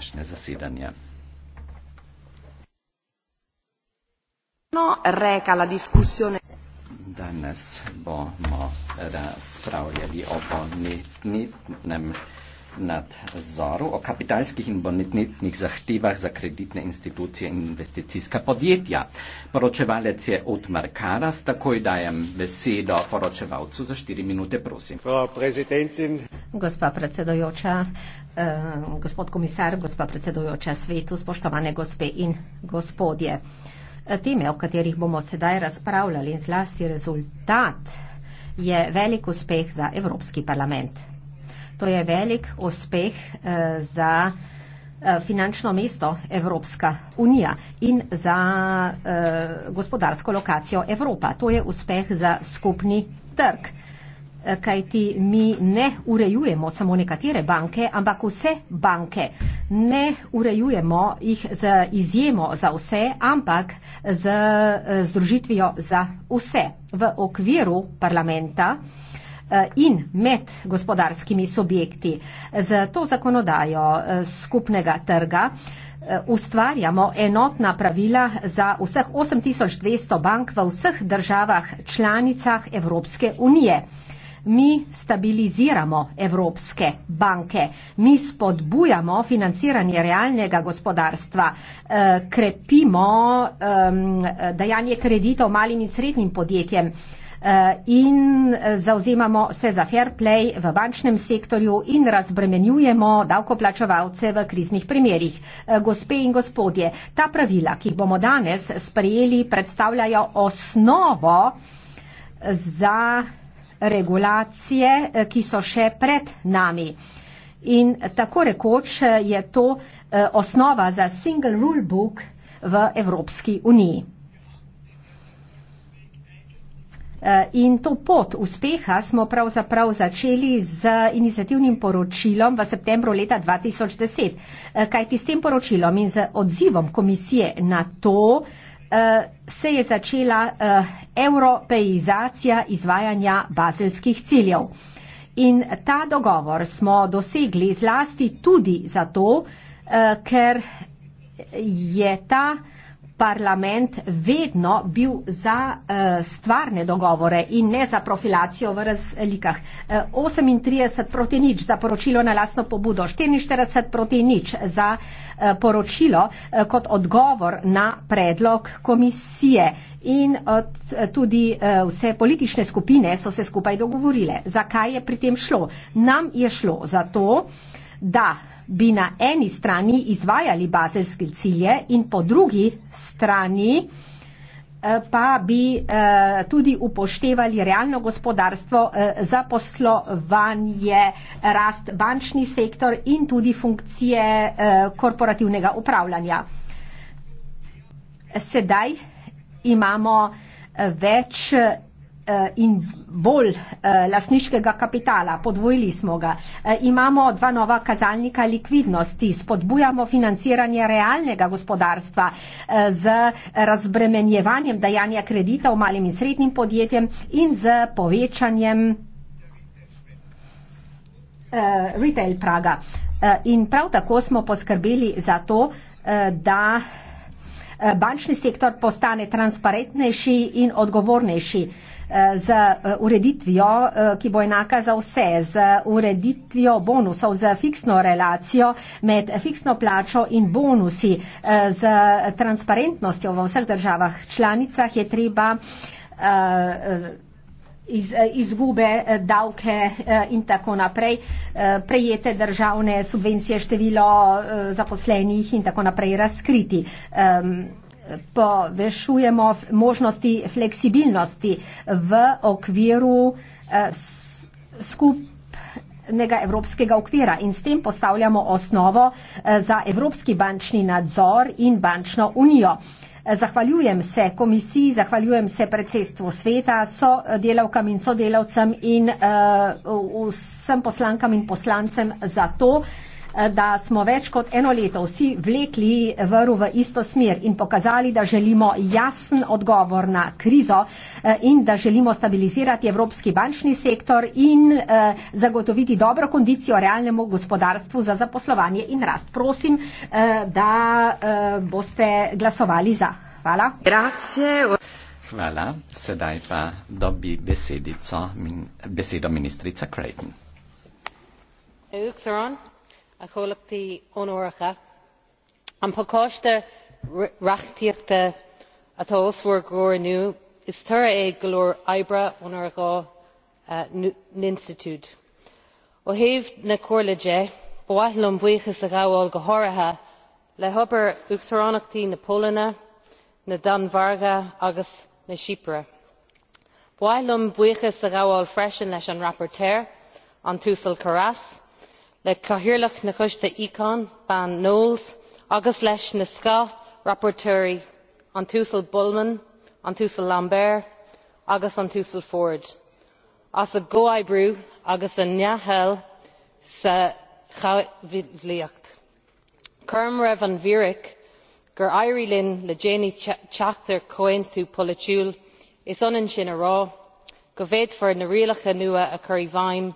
današnje zasedanje. No, Danes bomo razpravljali o bonitetnem nadzoru o kapitalskih in bonitnetnih zahtevah za kreditne institucije in investicijska podjetja. Poročevalec je Otmar Karas, takoj dajem besedo poročevalcu za štiri minute, prosim. Gospa predsedojoča, eh, gospod komisar, gospa predsedojoča svetu, spoštovane gospe in gospodje. Eh, teme, o katerih bomo sedaj razpravljali in zlasti rezultat, je velik uspeh za Evropski parlament. To je velik uspeh eh, za eh, finančno mesto Evropska unija in za eh, gospodarsko lokacijo Evropa. To je uspeh za skupni trg. Kaj ti mi ne urejujemo samo nekatere banke, ampak vse banke. Ne urejujemo jih z izjemo za vse, ampak z združitvijo za vse. V okviru parlamenta Eh, in med gospodarskimi subjekti. Z to zakonodajo eh, skupnega trga eh, ustvarjamo enotna pravila za vseh 8200 bank v vseh državah članicah Evropske unije. Mi stabiliziramo evropske banke, mi spodbujamo financiranje realnega gospodarstva, krepimo dajanje kreditov malim in srednjim podjetjem. Eh, in eh, zauzemamo se za fair play v bančnem sektorju in razbremenjujemo davkoplačevalce v kriznih primerjih. Eh, gospe in gospodje, ta pravila, ki jih bomo danes sprejeli, predstavljajo osnovo za regulacije, ki so še pred nami. In tako rekoč je to osnova za single rule book v Evropski uniji. Eh, in to pot uspeha smo pravzaprav začeli z inicijativnim poročilom v septembru leta 2010. Eh, kajti s tem poročilom in z odzivom komisije na to eh, se je začela evropeizacija izvajanja bazelskih ciljev. In ta dogovor smo dosegli zlasti tudi zato, ker je ta uh, parlament vedno bil za uh, stvarne dogovore in ne za profilacijo v razlikah. Uh, eh, 38 proti nič za poročilo na lasno pobudo, 44 proti nič za uh, poročilo uh, kot odgovor na predlog komisije in uh, tudi uh, vse politične skupine so se skupaj dogovorile. Zakaj je pri tem šlo? Nam je šlo zato, da bi na eni strani izvajali bazelske cilje in po drugi strani eh, pa bi eh, tudi upoštevali realno gospodarstvo, eh, zaposlovanje, rast bančni sektor in tudi funkcije korporativnega upravljanja. Sedaj imamo več Eh, in bolj eh, lasniškega kapitala, podvojili smo ga. Eh, imamo dva nova kazalnika likvidnosti, spodbujamo financiranje realnega gospodarstva z razbremenjevanjem dajanja kreditov malim in srednjim podjetjem in z povečanjem retail praga. In prav tako smo poskrbeli za to, da bančni sektor postane transparentnejši in odgovornejši z eh, ureditvijo, eh, ki bo enaka za vse, z ureditvijo bonusov, z fiksno relacijo med fiksno plačo in bonusi, eh, z transparentnostjo v vseh državah članicah je treba Iz, izgube, davke in tako naprej, prejete državne subvencije, število zaposlenih in tako naprej razkriti. Um, povešujemo možnosti fleksibilnosti v okviru eh, skupnega evropskega okvira in s tem postavljamo osnovo eh, za evropski bančni nadzor in bančno unijo. Eh, zahvaljujem se komisiji, zahvaljujem se predsedstvu sveta, sodelavkam in sodelavcem in uh, vsem poslankam in poslancem za to, uh, Eh, da smo več kot eno leto vsi vlekli vrv v isto smer in pokazali, da želimo jasen odgovor na krizo eh, in da želimo stabilizirati evropski bančni sektor in eh, zagotoviti dobro kondicijo realnemu gospodarstvu za zaposlovanje in rast. Prosim, da boste glasovali za. Hvala. Grazie. Hvala. Sedaj pa dobi besedico, besedo ministrica Creighton. Is it, a chomhlachtaí ónuarcha an bhfocáiste reachtaíochta atá osfuar go leor inniu is tuaithe é go leor oibre ónar dhá uh, n-institiúid ó thaobh na cuairlaide ba mhaith liom buíochas a ghabháil go háirithe le hobair uachtaránachtaí na polainne na danmhairge agus na siopra ba mhaith liom buíochas a ghabháil freisin leis an rapportéir an tuasal corrás le cathaoirleach na coiste ícáin ben knowles agus leis na ska rapporteurs an tuasal bullmann an tuasal lambert agus an tuasal ford as a gcomhoibriú agus a neathel sa chaimhníocht. cuireann roimh an mhíreach gur éirí linn le déanaí teachtair comhaontú polaitiúil is ionann sin a rá go bhféadfar na rialacha nua a chur i bhfeidhm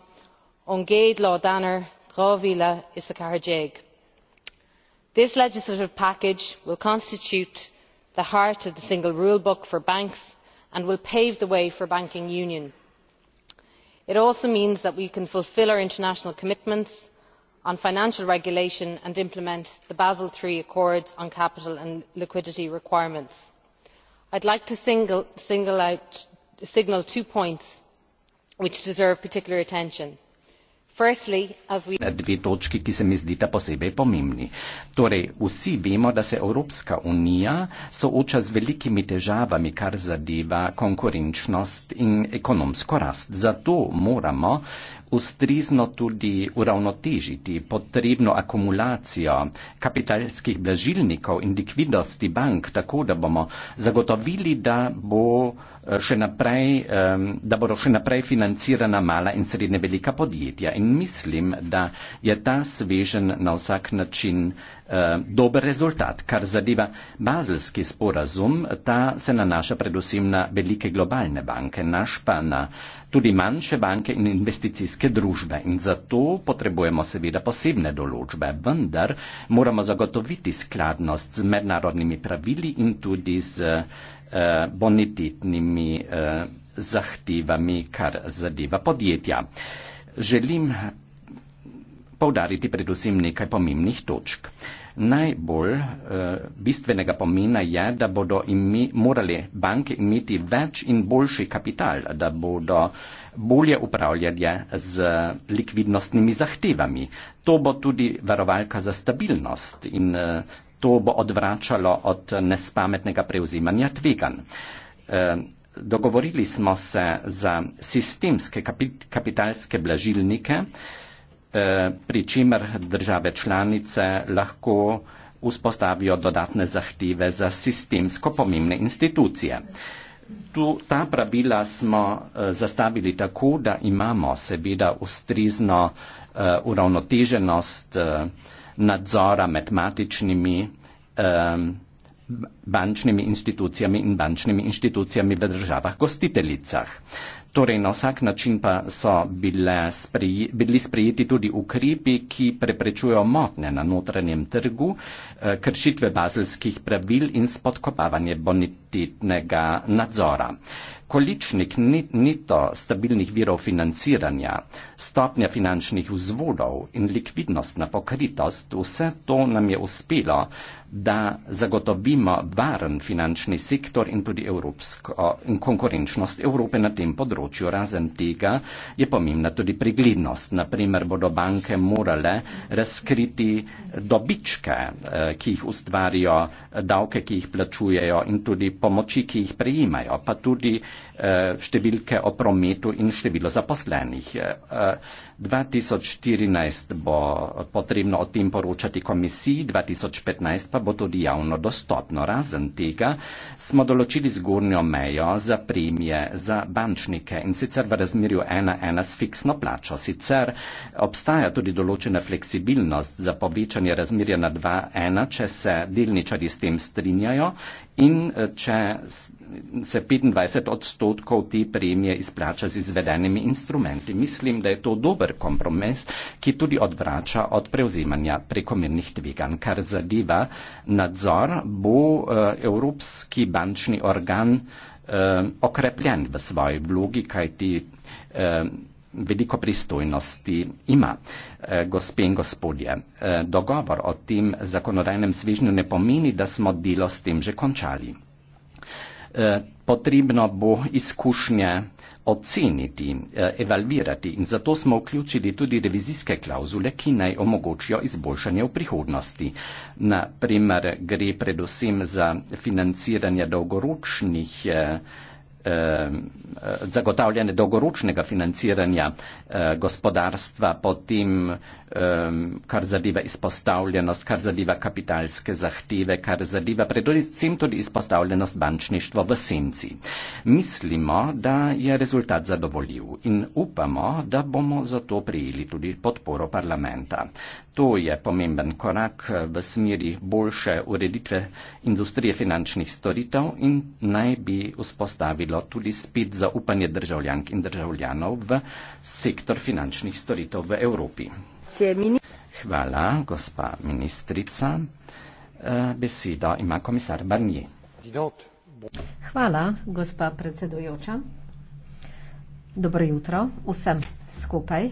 ón gcéad lá d'onair this legislative package will constitute the heart of the single rule book for banks and will pave the way for banking union. it also means that we can fulfil our international commitments on financial regulation and implement the basel iii accords on capital and liquidity requirements. i would like to signal two points which deserve particular attention. Dve točki, ki se mi zdita posebej pomembni. Torej, vsi vemo, da se Evropska unija sooča z velikimi težavami, kar zadeva konkurenčnost in ekonomsko rast. Zato moramo ustrizno tudi uravnotežiti potrebno akumulacijo kapitalskih blažilnikov in likvidosti bank, tako da bomo zagotovili, da, bo eh, še naprej, da bodo še naprej financirana mala in srednje velika podjetja. In mislim, da je ta svežen na vsak način Eh, dober rezultat. Kar zadeva bazilski sporazum, ta se nanaša predvsem na velike globalne banke, naš pa na tudi manjše banke in investicijske družbe. In zato potrebujemo seveda posebne določbe, vendar moramo zagotoviti skladnost z mednarodnimi pravili in tudi z eh, bonitetnimi eh, zahtevami, kar zadeva podjetja. Želim poudariti predvsem nekaj pomembnih točk. Najbolj uh, bistvenega pomena je, da bodo imi, morali banke imeti več in boljši kapital, da bodo bolje upravljali z likvidnostnimi zahtevami. To bo tudi varovalka za stabilnost in uh, to bo odvračalo od nespametnega prevzemanja tvegan. Uh, eh, dogovorili smo se za sistemske kapit kapitalske blažilnike, uh, Eh, pri čimer države članice lahko vzpostavijo dodatne zahteve za sistemsko pomembne institucije. Tu, ta pravila smo uh, zastavili tako, da imamo seveda ustrezno uh, uravnoteženost uh, nadzora med matičnimi uh, bančnimi institucijami in bančnimi institucijami v državah gostiteljicah. Torej, na vsak način pa so bile spreji, bili sprejeti tudi ukrepi, ki preprečujo motne na notranjem trgu, eh, kršitve bazilskih pravil in spodkopavanje bonititnega nadzora. Količnik nito stabilnih virov financiranja, stopnja finančnih vzvodov in likvidnostna pokritost, vse to nam je uspelo da zagotovimo varen finančni sektor in tudi evropsko in konkurenčnost Evrope na tem področju. Razen tega je pomembna tudi preglednost. Naprimer bodo banke morale razkriti dobičke, eh, ki jih ustvarijo, davke, ki jih plačujejo in tudi pomoči, ki jih prejemajo, pa tudi eh, številke o prometu in število zaposlenih. Eh, 2014 bo potrebno o tem poročati komisiji, 2015 pa bo tudi javno dostopno. Razen tega smo določili zgornjo mejo za premije za bančnike in sicer v razmerju 1-1 s fiksno plačo. Sicer obstaja tudi določena fleksibilnost za povečanje razmerja na 2-1, če se delničari s tem strinjajo in eh, če se 25 odstotkov te premije izplača z izvedenimi instrumenti. Mislim, da je to dober kompromis, ki tudi odvrača od prevzemanja prekomernih tveganj. Kar zadeva nadzor, bo uh, Evropski bančni organ uh, okrepljen v svoji vlogi, kajti uh, veliko pristojnosti ima. Gospe in gospodje, dogovor o tem zakonodajnem svežnju ne pomeni, da smo delo s tem že končali. Eh, potrebno bo izkušnje oceniti, eh, evalvirati in zato smo vključili tudi revizijske klauzule, ki naj omogočijo izboljšanje v prihodnosti. Naprimer, gre predvsem za financiranje dolgoročnih eh, eh, zagotavljanje dolgoročnega financiranja eh, gospodarstva, potem eh, kar zadeva izpostavljenost, kar zadeva kapitalske zahteve, kar zadeva predvsem tudi izpostavljenost bančništva v senci. Mislimo, da je rezultat zadovoljiv in upamo, da bomo zato prijeli tudi podporo parlamenta. To je pomemben korak eh, v smeri boljše ureditve industrije finančnih storitev in naj bi vzpostavilo bilo tudi spet zaupanje državljank in državljanov v sektor finančnih storitev v Evropi. Hvala, gospa ministrica. Eh, besedo ima komisar Barnier. Hvala, gospa predsedujoča. Dobro jutro vsem skupaj,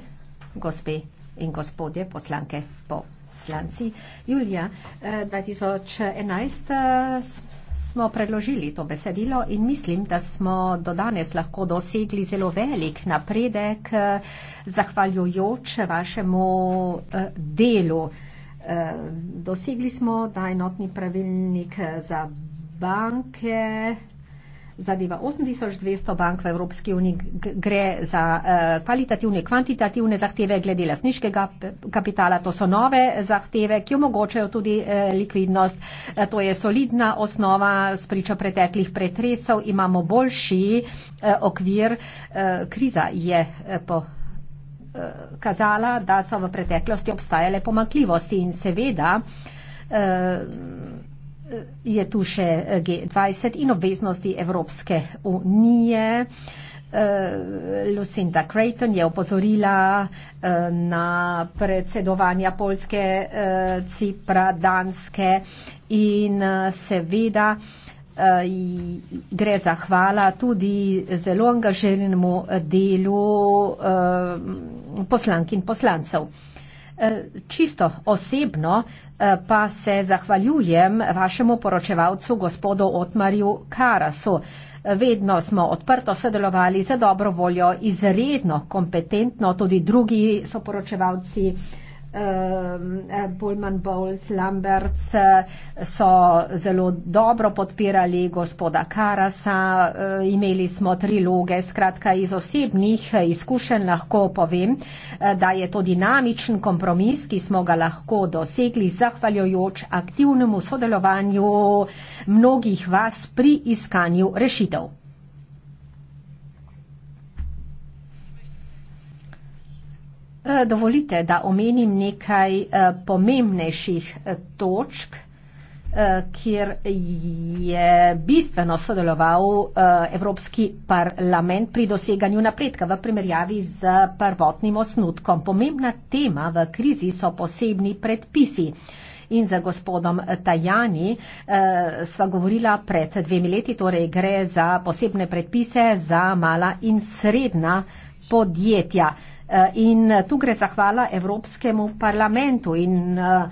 gospe in gospodje, poslanke, poslanci. Julija 2011. Eh, smo predložili to besedilo in mislim, da smo do danes lahko dosegli zelo velik napredek, eh, zahvaljujoč vašemu eh, delu. Eh, dosegli smo, da enotni pravilnik za banke zadeva 8200 bank v Evropski uniji, gre za eh, kvalitativne, kvantitativne zahteve glede lasniškega kapitala, to so nove zahteve, ki omogočajo tudi eh, likvidnost, eh, to je solidna osnova s pričo preteklih pretresov, imamo boljši eh, okvir, eh, kriza je eh, po eh, kazala, da so v preteklosti obstajale pomakljivosti in seveda eh, je tu še eh, G20 in obveznosti Evropske unije. Eh, Lucinda Creighton je opozorila eh, na predsedovanja Polske, Cipra, Danske in seveda gre za hvala tudi zelo angažiranemu delu poslank in poslancev. Eh, čisto osebno eh, pa se zahvaljujem vašemu poročevalcu, gospodu Otmarju Karasu. Eh, vedno smo odprto sodelovali za dobro voljo, izredno kompetentno, tudi drugi soporočevalci. Ehm, eh, Pullman Bowles, Lamberts eh, so zelo dobro podpirali gospoda Karasa, eh, imeli smo triloge, skratka iz osebnih izkušenj lahko povem, da je to dinamičen kompromis, ki smo ga lahko dosegli zahvaljujoč aktivnemu sodelovanju mnogih vas pri iskanju rešitev. Eh, dovolite, da omenim nekaj eh, pomembnejših eh, točk, kjer je bistveno sodeloval Evropski parlament pri doseganju napredka v primerjavi z prvotnim osnutkom. Pomembna tema v krizi so posebni predpisi. In za gospodom Tajani eh, sva govorila pred dvemi leti, torej gre za posebne predpise za mala in srednja podjetja. Eh, Eh, in tu gre zahvala Evropskemu parlamentu in eh,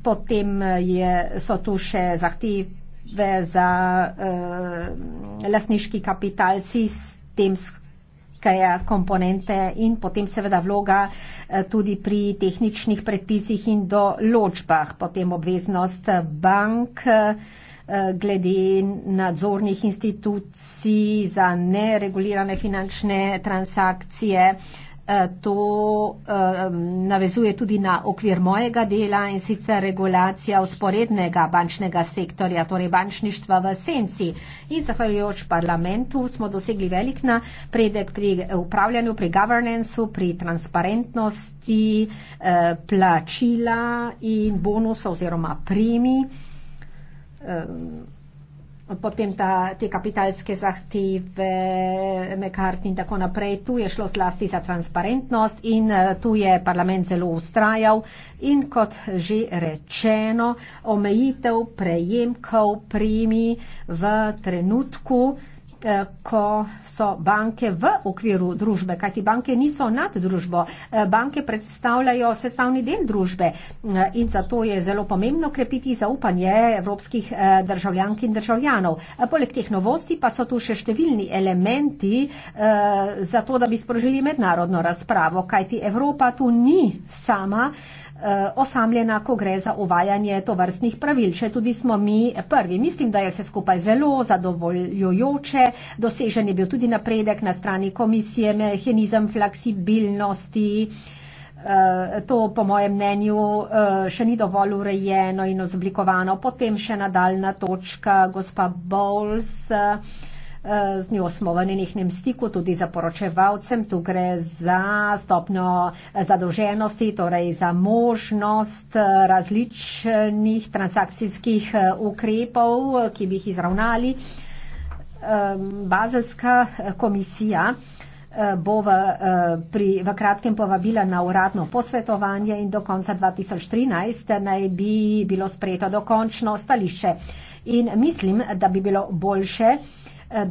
potem je, so tu še zahteve za uh, eh, lasniški kapital, sistemske komponente in potem seveda vloga uh, tudi pri tehničnih predpisih in določbah, potem obveznost bank. Uh, Eh, glede nadzornih institucij za neregulirane finančne transakcije. Eh, to eh, navezuje tudi na okvir mojega dela in sicer regulacija usporednega bančnega sektorja, torej bančništva v senci. In zahvaljujoč parlamentu smo dosegli velik napredek pri upravljanju, pri governanceu, pri transparentnosti, plačila in bonusov oziroma premij. Ehm, potem ta, te kapitalske zahteve, McCarthy in tako naprej, tu je šlo zlasti za transparentnost in eh, tu je parlament zelo ustrajal in kot že rečeno, omejitev prejemkov primi v trenutku, Eh, ko so banke v okviru družbe, kajti banke niso nad družbo, eh, banke predstavljajo sestavni del družbe eh, in zato je zelo pomembno krepiti zaupanje evropskih državljank in državljanov. Poleg teh novosti pa so tu še številni elementi za to, da bi sprožili mednarodno razpravo, kajti Evropa tu ni sama. Eh, osamljena, ko gre za uvajanje tovrstnih pravil. Še tudi smo mi prvi. Mislim, da je vse skupaj zelo zadovoljujoče. Dosežen je bil tudi napredek na strani komisije, mehanizem fleksibilnosti. Eh, to po mojem mnenju eh, še ni dovolj urejeno in ozblikovano. Potem še nadaljna točka, gospa Bowles. Eh, z njo smo v nenehnem stiku tudi za poročevalcem, tu gre za stopnjo eh, zadolženosti, torej za možnost eh, različnih transakcijskih ukrepov, ki bi jih izravnali. Bazelska komisija bo v, pri, v kratkem povabila na uradno posvetovanje in do konca 2013 naj bi bilo sprejeto dokončno stališče. In mislim, da bi bilo boljše,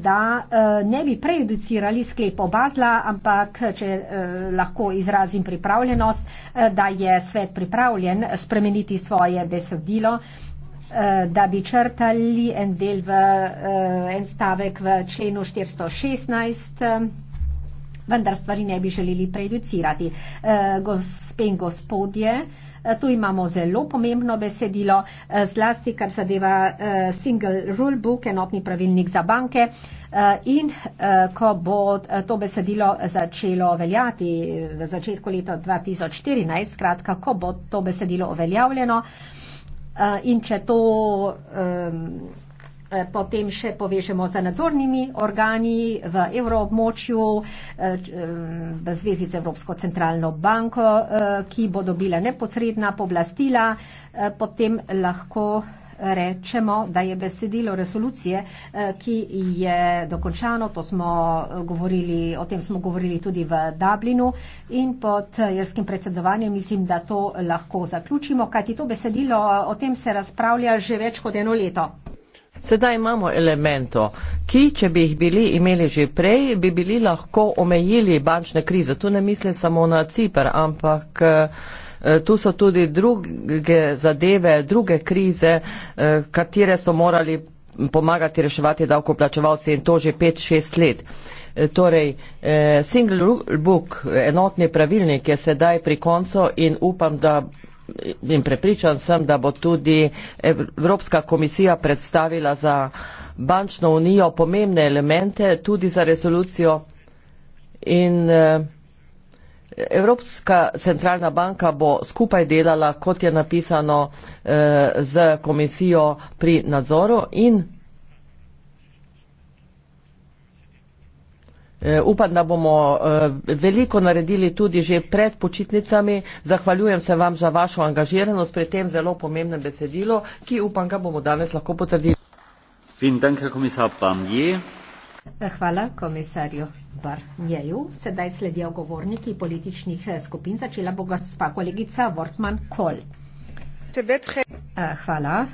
da eh, ne bi prejudicirali sklepo Bazla, ampak eh, če eh, lahko izrazim pripravljenost, da je svet pripravljen spremeniti svoje besedilo da bi črtali en del v en stavek v členu 416, vendar stvari ne bi želeli prejudicirati. Gospe in gospodje, Eh, tu imamo zelo pomembno besedilo, eh, zlasti kar zadeva eh, single rule book, enotni pravilnik za banke. In ko bo to besedilo začelo veljati v začetku leta 2014, skratka, ko bo to besedilo uveljavljeno in če to. Um, Eh, potem še povežemo z nadzornimi organi v evroobmočju, eh, eh, v zvezi z Evropsko centralno banko, ki bo dobila neposredna povlastila. Potem lahko rečemo, da je besedilo resolucije, ki je dokončano, to smo govorili, o tem smo govorili tudi v Dublinu in pod jerskim predsedovanjem mislim, da to lahko zaključimo, kajti to besedilo o tem se razpravlja že več kot eno leto. Sedaj imamo elemento, ki, če bi jih bili imeli že prej, bi bili lahko omejili bančne krize. Tu ne mislim samo na Cipr, ampak eh, tu so tudi druge zadeve, druge krize, eh, katere so morali pomagati reševati davkoplačevalci in to že 5-6 let. Eh, torej, single book, enotni pravilnik je sedaj pri koncu in upam, da in prepričan sem, da bo tudi Evropska komisija predstavila za bančno unijo pomembne elemente, tudi za rezolucijo. In eh, Evropska centralna banka bo skupaj delala, kot je napisano, eh, z komisijo pri nadzoru in Eh, upam, da bomo eh, veliko naredili tudi že pred počitnicami. Zahvaljujem se vam za vašo angažiranost pri tem zelo pomembnem besedilu, ki upam, ga bomo danes lahko potrdili. Eh, hvala komisarju Barnjeju. Sedaj sledijo govorniki političnih skupin. Začela bo gospa kolegica Wortman Kol. Hvala.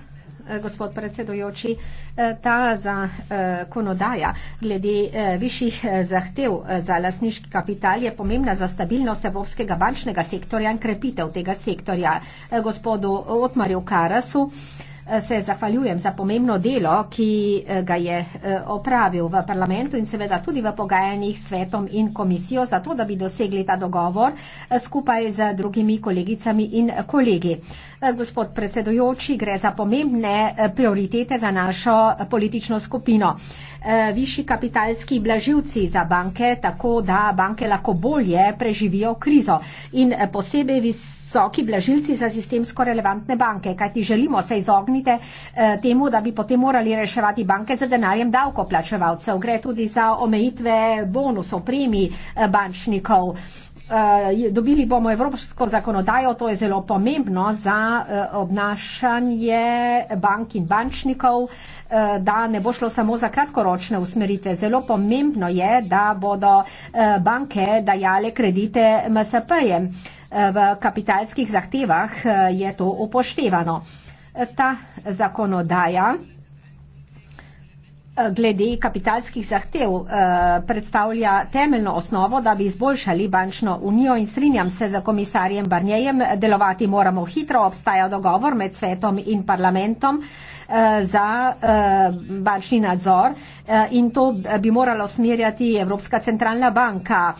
Eh, gospod predsedujoči. Eh, ta zakonodaja eh, glede višjih zahtev za lasniški kapital je pomembna za stabilnost evropskega bančnega sektorja in krepitev tega sektorja. Gospodu Otmarju Karasu. Eh, se zahvaljujem za pomembno delo, ki eh, ga je eh, opravil v parlamentu in seveda tudi v pogajanjih s svetom in komisijo za to, da bi dosegli ta dogovor skupaj z drugimi kolegicami in kolegi. Gospod predsedujoči, gre za pomembne prioritete za našo politično skupino. Višji kapitalski blaživci za banke, tako da banke lahko bolje preživijo krizo in posebej visi visoki blažilci za sistemsko relevantne banke, kajti želimo se izogniti eh, temu, da bi potem morali reševati banke za denarjem davkoplačevalcev. Gre tudi za omejitve bonusov, premij eh, bančnikov. Eh, dobili bomo evropsko zakonodajo, to je zelo pomembno za obnašanje bank in bančnikov, da ne bo šlo samo za kratkoročne usmerite. Zelo pomembno je, da bodo banke dajale kredite MSP-jem v kapitalskih zahtevah eh, je to upoštevano. Ta zakonodaja eh, glede kapitalskih zahtev eh, predstavlja temeljno osnovo, da bi izboljšali bančno unijo in strinjam se za komisarjem Barnjejem, delovati moramo hitro, obstaja dogovor med svetom in parlamentom za bančni nadzor in to bi moralo smerjati Evropska centralna banka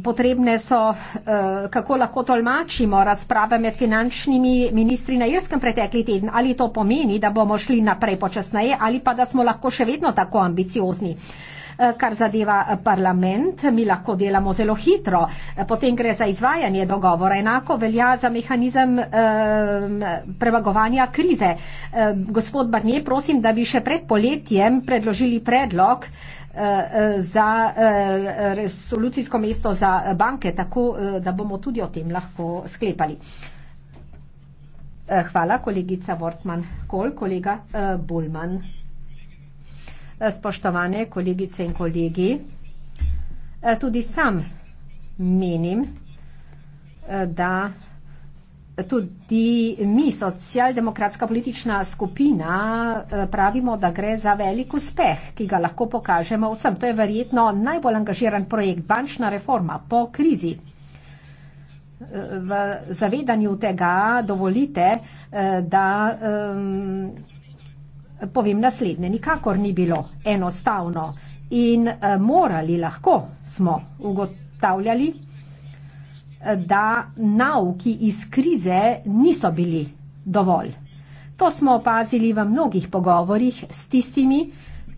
potrebne so, eh, kako lahko tolmačimo razprave med finančnimi ministri na Irskem pretekli teden. Ali to pomeni, da bomo šli naprej počasneje ali pa da smo lahko še vedno tako ambiciozni? Eh, kar zadeva eh, parlament, mi lahko delamo zelo hitro. Eh, potem gre za izvajanje dogovora. Enako velja za mehanizem ehm, prevagovanja krize. Ehm, gospod Barnier, prosim, da bi še pred poletjem predložili predlog za resolucijsko mesto za banke, tako da bomo tudi o tem lahko sklepali. Hvala, kolegica Wortman Kol, kolega Bulman. Spoštovane kolegice in kolegi, eh, tudi sam menim, eh, da tudi mi, socialdemokratska politična skupina, eh, pravimo, da gre za velik uspeh, ki ga lahko pokažemo vsem. To je verjetno najbolj angažiran projekt bančna reforma po krizi. V zavedanju tega dovolite, da. Um, povem naslednje, nikakor ni bilo enostavno in eh, morali lahko smo ugotavljali, eh, da nauki iz krize niso bili dovolj. To smo opazili v mnogih pogovorjih s tistimi,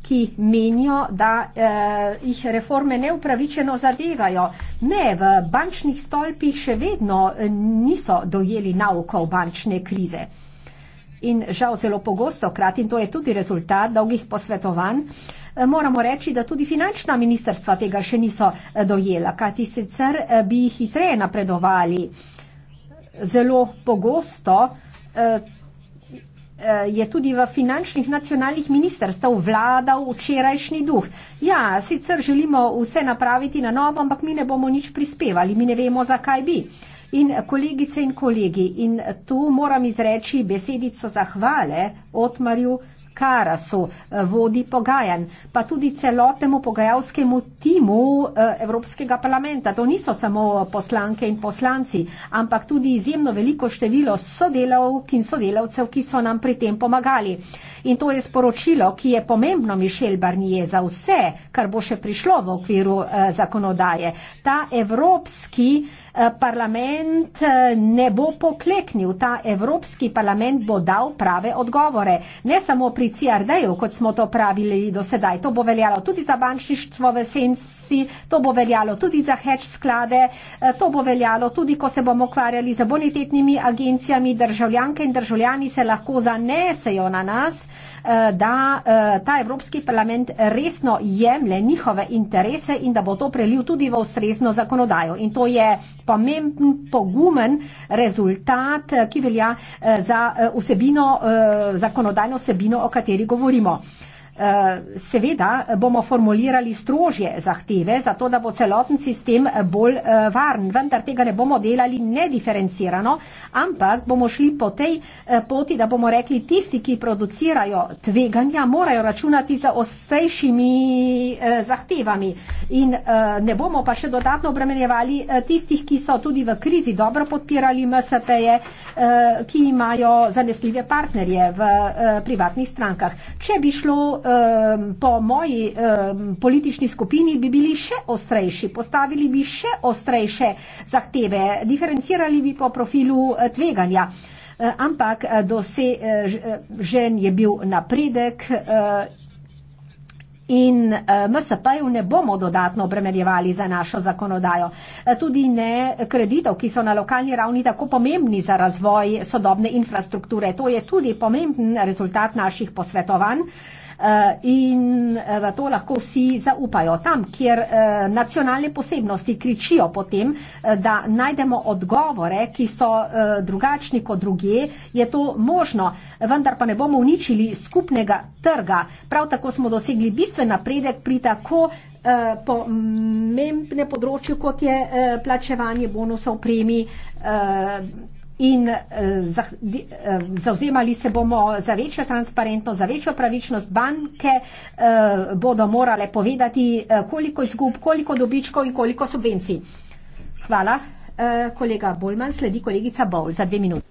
ki menijo, da eh, jih reforme neupravičeno zadevajo. Ne, v bančnih stolpih še vedno eh, niso dojeli nauka v bančne krize in žal zelo pogosto krat, in to je tudi rezultat dolgih posvetovanj, eh, moramo reči, da tudi finančna ministerstva tega še niso eh, dojela, kajti sicer eh, bi hitreje napredovali. Zelo pogosto je tudi v finančnih nacionalnih ministerstv vladal včerajšnji duh. Ja, sicer želimo vse napraviti na novo, ampak mi ne bomo nič prispevali, mi ne vemo, zakaj bi. In kolegice in kolegi, in tu moram izreči besedico zahvale Otmarju Karasu, eh, vodi pogajanj, pa tudi celotnemu pogajalskemu timu eh, Evropskega parlamenta. To niso samo poslanke in poslanci, ampak tudi izjemno veliko število sodelavk in sodelavcev, ki so nam pri tem pomagali. In to je sporočilo, ki je pomembno, Mišel Barnije, za vse, kar bo še prišlo v okviru eh, zakonodaje. Ta Evropski eh, parlament eh, ne bo pokleknil, ta Evropski parlament bo dal prave odgovore. Ne samo pri CRD-ju, kot smo to pravili do sedaj, to bo veljalo tudi za bančništvo v Senci, to bo veljalo tudi za hedge sklade, eh, to bo veljalo tudi, ko se bomo ukvarjali z bonitetnimi agencijami, državljanke in državljani se lahko zanesejo na nas Eh, da eh, ta Evropski parlament resno jemlje njihove interese in da bo to prelil tudi v ustrezno zakonodajo. In to je pomemben, pogumen rezultat, eh, ki velja za vsebino, zakonodajno vsebino, o kateri govorimo seveda bomo formulirali strožje zahteve, zato da bo celoten sistem eh, bolj eh, varen. Vendar tega ne bomo delali nediferencirano, ampak bomo šli po tej eh, poti, da bomo rekli, tisti, ki producirajo tveganja, morajo računati za ostrejšimi zahtevami. In ne bomo pa še dodatno obremenjevali tistih, ki so tudi v krizi dobro podpirali MSP-je, ki imajo zanesljive partnerje v privatnih strankah. Če bi šlo um, po moji um, politični skupini, bi bili še ostrejši, postavili bi še ostrejše zahteve, diferencirali bi po profilu eh, tveganja. Eh, ampak eh, dosežen je bil napredek in MSP-ju ne bomo dodatno obremenjevali za našo zakonodajo. Tudi ne kreditov, ki so na lokalni ravni tako pomembni za razvoj sodobne infrastrukture. To je tudi pomemben rezultat naših posvetovanj. Eh, in eh, v to lahko vsi zaupajo. Tam, kjer eh, nacionalne posebnosti kričijo potem, da najdemo odgovore, ki so drugačni kot druge, je to možno, vendar pa ne bomo uničili skupnega trga. Prav tako smo dosegli bistven napredek pri tako pomembne področju, kot je plačevanje bonusov premi in eh, zauzemali eh, se bomo za večjo transparentnost, za večjo pravičnost. Banke eh, bodo morale povedati, koliko izgub, koliko dobičkov in koliko subvencij. Hvala, kolega Bolman. Sledi kolegica Bol za dve minuti.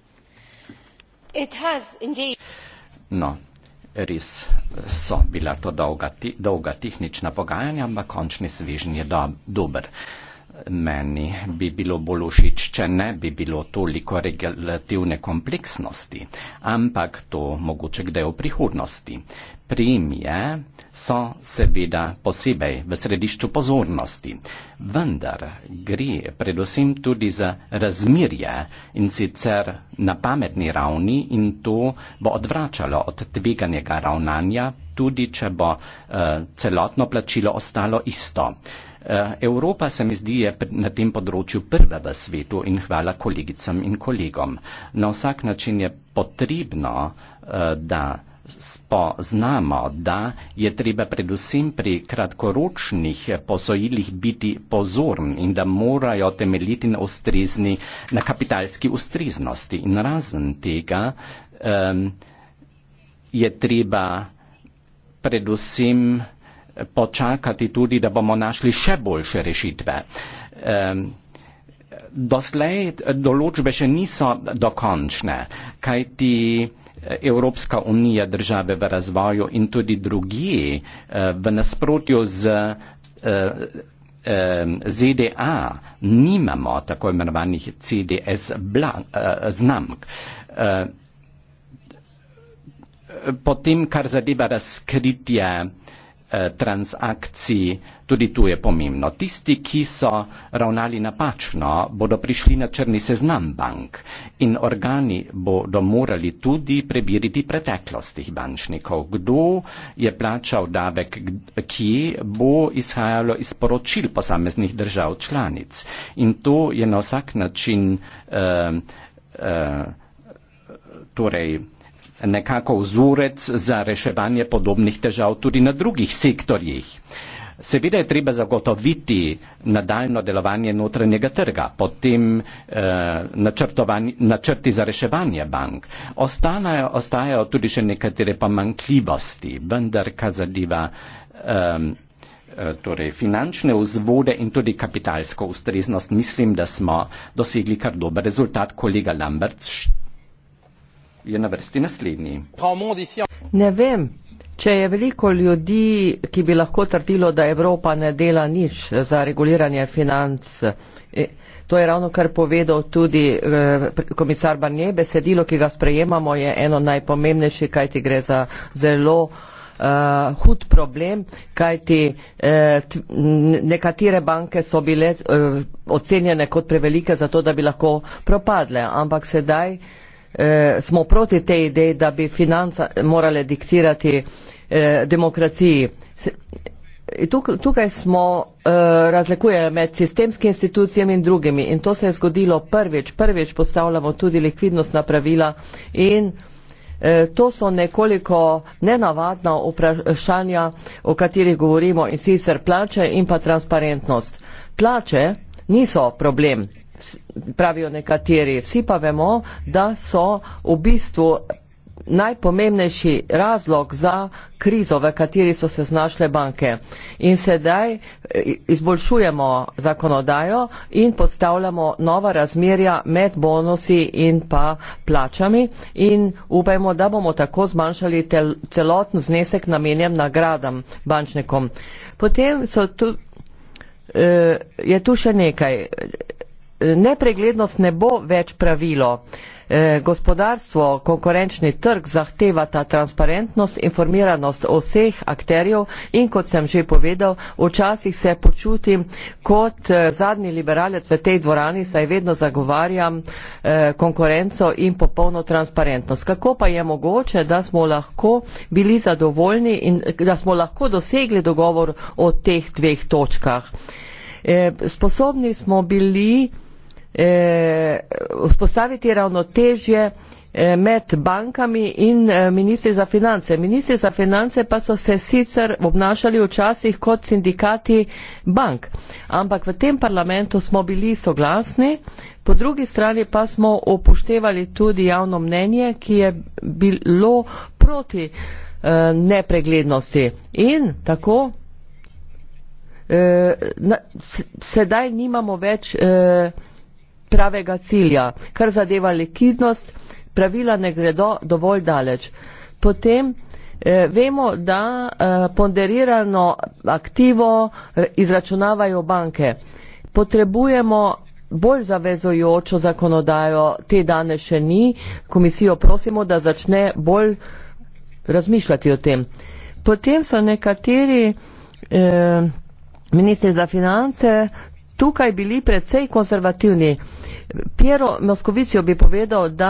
No, res so bila to dolga, dolga tehnična pogajanja, ampak končni svežnji je do, dober meni bi bilo bolj všeč, če ne bi bilo toliko regulativne kompleksnosti, ampak to mogoče kdaj v prihodnosti. Premije so seveda posebej v središču pozornosti, vendar gre predvsem tudi za razmerje in sicer na pametni ravni in to bo odvračalo od tveganega ravnanja, tudi če bo, eh, celotno plačilo ostalo isto. Eh, Evropa se mi zdi na tem področju prva v svetu in hvala kolegicam in kolegom. Na vsak način je potrebno, eh, da spoznamo, da je treba predvsem pri kratkoročnih eh, posojilih biti pozorn in da morajo temeljiti na, ustrezni, na kapitalski ustreznosti. In razen tega je treba predvsem počakati tudi, da bomo našli še boljše rešitve. Doslej določbe še niso dokončne, kajti Evropska unija, države v razvoju in tudi drugi eh, v nasprotju z eh, ZDA nimamo tako imenovanih CDS eh, znamk. Potem, kar zadeva razkritje Eh, transakcij, tudi tu je pomembno. Tisti, ki so ravnali napačno, bodo prišli na črni seznam bank in organi bodo morali tudi prebiriti preteklost teh bančnikov. Kdo je plačal davek, kje bo izhajalo iz poročil posameznih držav članic. In to je na vsak način uh, uh, torej nekako vzorec za reševanje podobnih težav tudi na drugih sektorjih. Seveda je treba zagotoviti nadaljno delovanje notranjega trga, potem eh, načrti za reševanje bank. Ostanajo, ostajajo tudi še nekatere pomankljivosti, vendar kar zadeva eh, torej finančne vzvode in tudi kapitalsko ustreznost, mislim, da smo dosegli kar dober rezultat. Kolega Lambert je na vrsti naslednji. Ne vem, če je veliko ljudi, ki bi lahko trdilo, da Evropa ne dela nič za reguliranje financ. E, to je ravno kar povedal tudi e, komisar Barnje. Besedilo, ki ga sprejemamo, je eno najpomembnejši, kajti gre za zelo uh, hud problem, kajti uh, nekatere banke so bile uh, ocenjene kot prevelike za to, da bi lahko propadle. Ampak sedaj uh, eh, smo proti tej ideji, da bi finance morale diktirati eh, demokraciji. Tukaj, tukaj smo eh, razlikuje med sistemskimi institucijami in drugimi in to se je zgodilo prvič. Prvič postavljamo tudi likvidnostna pravila in eh, to so nekoliko nenavadna vprašanja, o katerih govorimo in sicer plače in pa transparentnost. Plače niso problem pravijo nekateri. Vsi pa vemo, da so v bistvu najpomembnejši razlog za krizo, v kateri so se znašle banke. In sedaj eh, izboljšujemo zakonodajo in postavljamo nova razmerja med bonusi in pa plačami in upajmo, da bomo tako zmanjšali tel, celoten znesek namenjen nagradam bančnikom. Potem so tu, eh, je tu še nekaj nepreglednost ne bo več pravilo. E, gospodarstvo, konkurenčni trg zahtevata transparentnost, informiranost vseh akterjev in kot sem že povedal, včasih se počutim kot e, zadnji liberalec v tej dvorani, saj vedno zagovarjam e, konkurenco in popolno transparentnost. Kako pa je mogoče, da smo lahko bili zadovoljni in da smo lahko dosegli dogovor o teh dveh točkah? Sposobni smo bili eh, vzpostaviti ravnotežje eh, med bankami in eh, ministri za finance. Ministri za finance pa so se sicer obnašali včasih kot sindikati bank, ampak v tem parlamentu smo bili soglasni. Po drugi strani pa smo upoštevali tudi javno mnenje, ki je bilo proti eh, nepreglednosti. In tako eh, na, sedaj nimamo več. Eh, pravega cilja, kar zadeva likidnost, pravila ne gredo dovolj daleč. Potem eh, vemo, da eh, ponderirano aktivo izračunavajo banke. Potrebujemo bolj zavezojočo zakonodajo, te danes še ni. Komisijo prosimo, da začne bolj razmišljati o tem. Potem so nekateri eh, ministri za finance tukaj bili predvsej konservativni. Piero Moscovicio bi povedal, da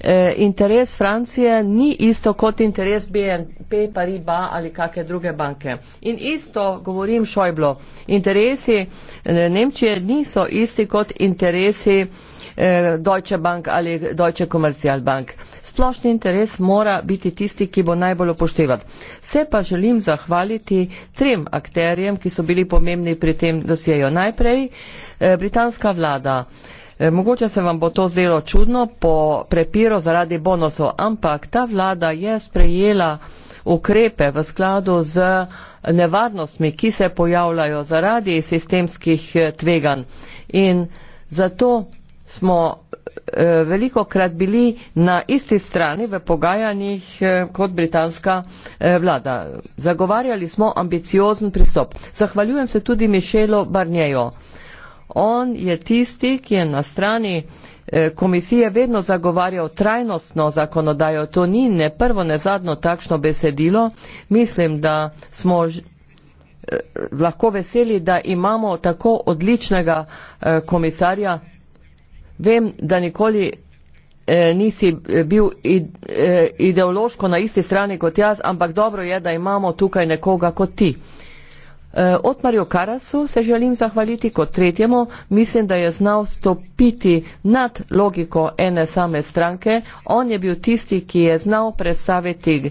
eh, interes Francije ni isto kot interes BNP Paribas ali kakšne druge banke. In isto govorim Šojblo. Interesi eh, Nemčije niso isti kot interesi eh, Eh, Deutsche Bank ali Deutsche Commercial Bank. Splošni interes mora biti tisti, ki bo najbolj upoštevat. Se pa želim zahvaliti trem akterjem, ki so bili pomembni pri tem dosjeju. Najprej eh, britanska vlada. Eh, mogoče se vam bo to zdelo čudno po prepiro zaradi bonusov, ampak ta vlada je sprejela ukrepe v skladu z nevarnostmi, ki se pojavljajo zaradi sistemskih tveganj. In zato smo eh, veliko krat bili na isti strani v pogajanjih eh, kot britanska eh, vlada. Zagovarjali smo ambiciozen pristop. Zahvaljujem se tudi Mišelu Barnjeju. On je tisti, ki je na strani komisije vedno zagovarjal trajnostno zakonodajo. To ni ne prvo, ne zadnjo takšno besedilo. Mislim, da smo lahko veseli, da imamo tako odličnega komisarja Vem, da nikoli eh, nisi eh, bil id, eh, ideološko na isti strani kot jaz, ampak dobro je, da imamo tukaj nekoga kot ti. Eh, Otmarju Karasu se želim zahvaliti kot tretjemu. Mislim, da je znal stopiti nad logiko ene same stranke. On je bil tisti, ki je znal predstaviti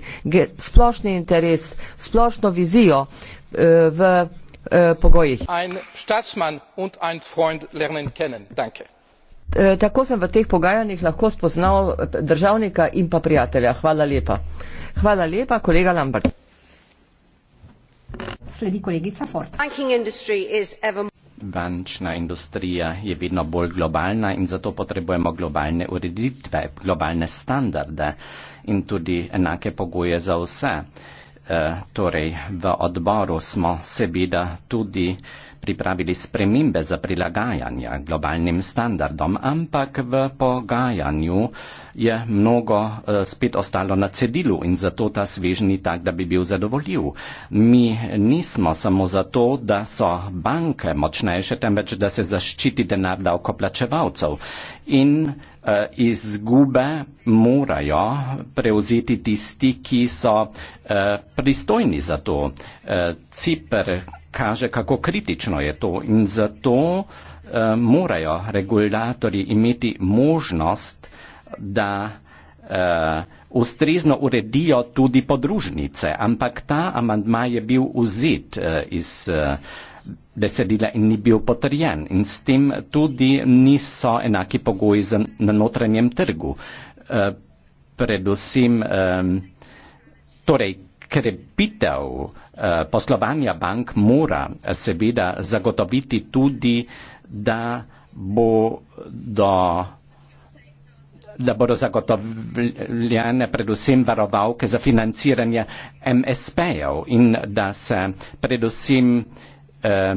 splošni interes, splošno vizijo eh, v eh, pogojih. Eh, tako sem v teh pogajanjih lahko spoznal eh, državnika in pa prijatelja. Hvala lepa. Hvala lepa, kolega Lambert. Sledi kolegica Ford. Bančna industrija je vedno bolj globalna in zato potrebujemo globalne ureditve, globalne standarde in tudi enake pogoje za vse. E, torej, v odboru smo seveda tudi pripravili spremembe za prilagajanje globalnim standardom, ampak v pogajanju je mnogo eh, spet ostalo na cedilu in zato ta svežni tak, da bi bil zadovoljiv. Mi nismo samo zato, da so banke močnejše, temveč da se zaščiti denar davkoplačevalcev. In uh, izgube morajo prevzeti tisti, ki so uh, pristojni za to. Uh, Cipr, kaže, kako kritično je to in zato eh, morajo regulatori imeti možnost, da eh, ustrezno uredijo tudi podružnice. Ampak ta amandma je bil vzet eh, iz eh, besedila in ni bil potrjen in s tem tudi niso enaki pogoji za, na notranjem trgu. Eh, predvsem, eh, torej, krepitev eh, poslovanja bank mora eh, seveda zagotoviti tudi, da bo do da bodo zagotovljene predvsem varovalke za financiranje MSP-jev in da se predvsem eh,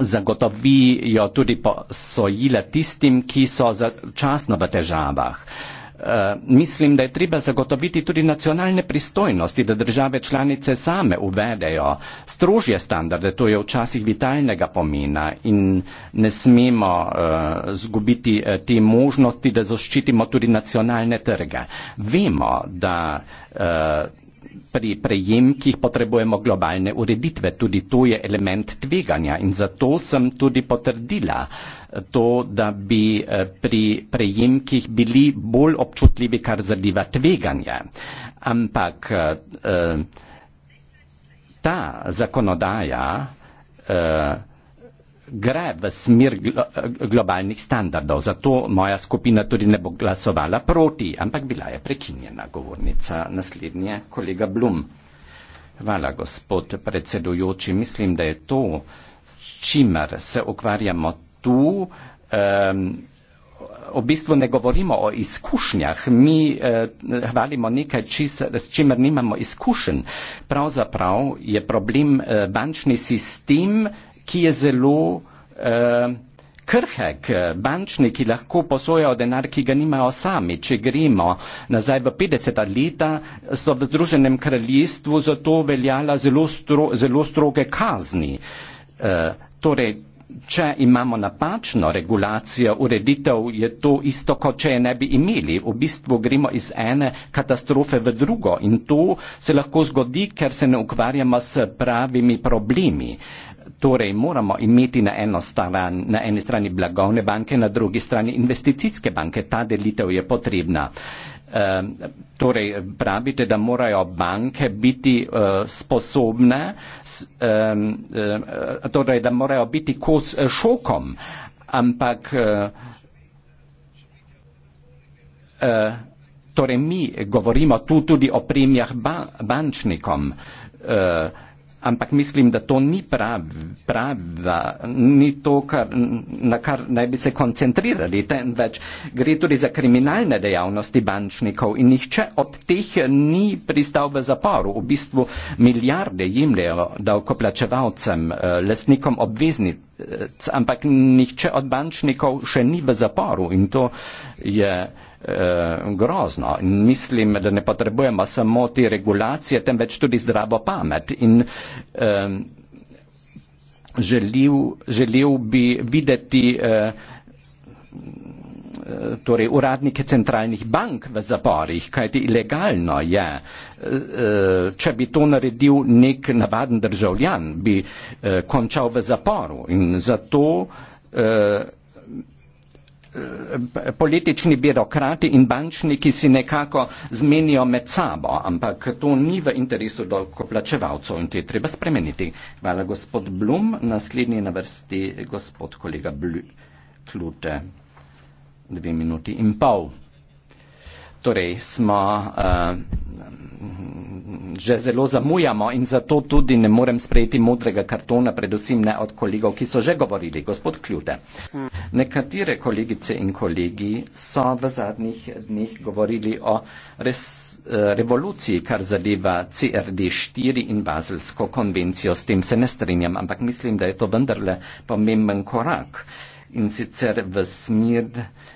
zagotovijo tudi posojila tistim, ki so začasno v težavah. Eh, Eh, mislim, da je treba zagotoviti tudi nacionalne pristojnosti, da države članice same uvedejo strožje standarde, to je včasih vitalnega pomena in ne smemo uh, zgubiti uh, te možnosti, da zaščitimo tudi nacionalne trge. Vemo, da uh, pri prejemkih potrebujemo globalne ureditve. Tudi to je element tveganja in zato sem tudi potrdila eh, to, da bi eh, pri prejemkih bili bolj občutljivi, kar zadeva tveganje. Ampak eh, ta zakonodaja gre v smer glo, globalnih standardov. Zato moja skupina tudi ne bo glasovala proti, ampak bila je prekinjena govornica. Naslednje, kolega Blum. Hvala, gospod predsedujoči. Mislim, da je to, s čimer se ukvarjamo tu. Um, V bistvu ne govorimo o izkušnjah, mi eh, hvalimo nekaj, s čimer nimamo izkušenj. Pravzaprav je problem eh, bančni sistem, eh, ki je zelo eh, krhek. Eh, Bančniki lahko posojajo denar, ki ga nimajo sami. Če gremo nazaj v 50-ta leta, so v Združenem kraljestvu za to veljala zelo, stro, zelo stroge kazni. Eh, torej, Če imamo napačno regulacijo, ureditev je to isto, kot če je ne bi imeli. V bistvu gremo iz ene katastrofe v drugo in to se lahko zgodi, ker se ne ukvarjamo s pravimi problemi torej moramo imeti na, stran, na eni strani blagovne banke, na drugi strani investicijske banke. Ta delitev je potrebna. E, torej pravite, da morajo banke biti e, sposobne, e, e, torej da morajo biti kos eh, šokom, ampak e, e, torej mi govorimo tu tudi o premijah ba, bančnikom. E, ampak mislim, da to ni prav, prava, ni to, kar, na kar naj bi se koncentrirali, temveč gre tudi za kriminalne dejavnosti bančnikov in nihče od teh ni pristal v zaporu. V bistvu milijarde jimljajo davkoplačevalcem, eh, lesnikom obveznic. Ampak nihče od bančnikov še ni v zaporu in to je eh, grozno. Mislim, da ne potrebujemo samo te regulacije, temveč tudi zdravo pamet. In, eh, želil, želil bi videti eh, torej uradnike centralnih bank v zaporih, kajti ilegalno je. Eh, če bi to naredil nek navaden državljan, bi eh, končal v zaporu. In zato. Eh, Eh, politični birokrati in bančniki si nekako zmenijo med sabo, ampak to ni v interesu dolgoplačevalcev in to je treba spremeniti. Hvala gospod Blum, naslednji na vrsti gospod kolega Blu Klute, dve minuti in pol. Torej smo. Uh, že zelo zamujamo in zato tudi ne morem sprejeti modrega kartona, predvsem ne od kolegov, ki so že govorili, gospod Kljude. Nekatere kolegice in kolegi so v zadnjih dneh govorili o res, eh, revoluciji, kar zadeva CRD 4 in Bazelsko konvencijo. S tem se ne strinjam, ampak mislim, da je to vendarle pomemben korak in sicer v smer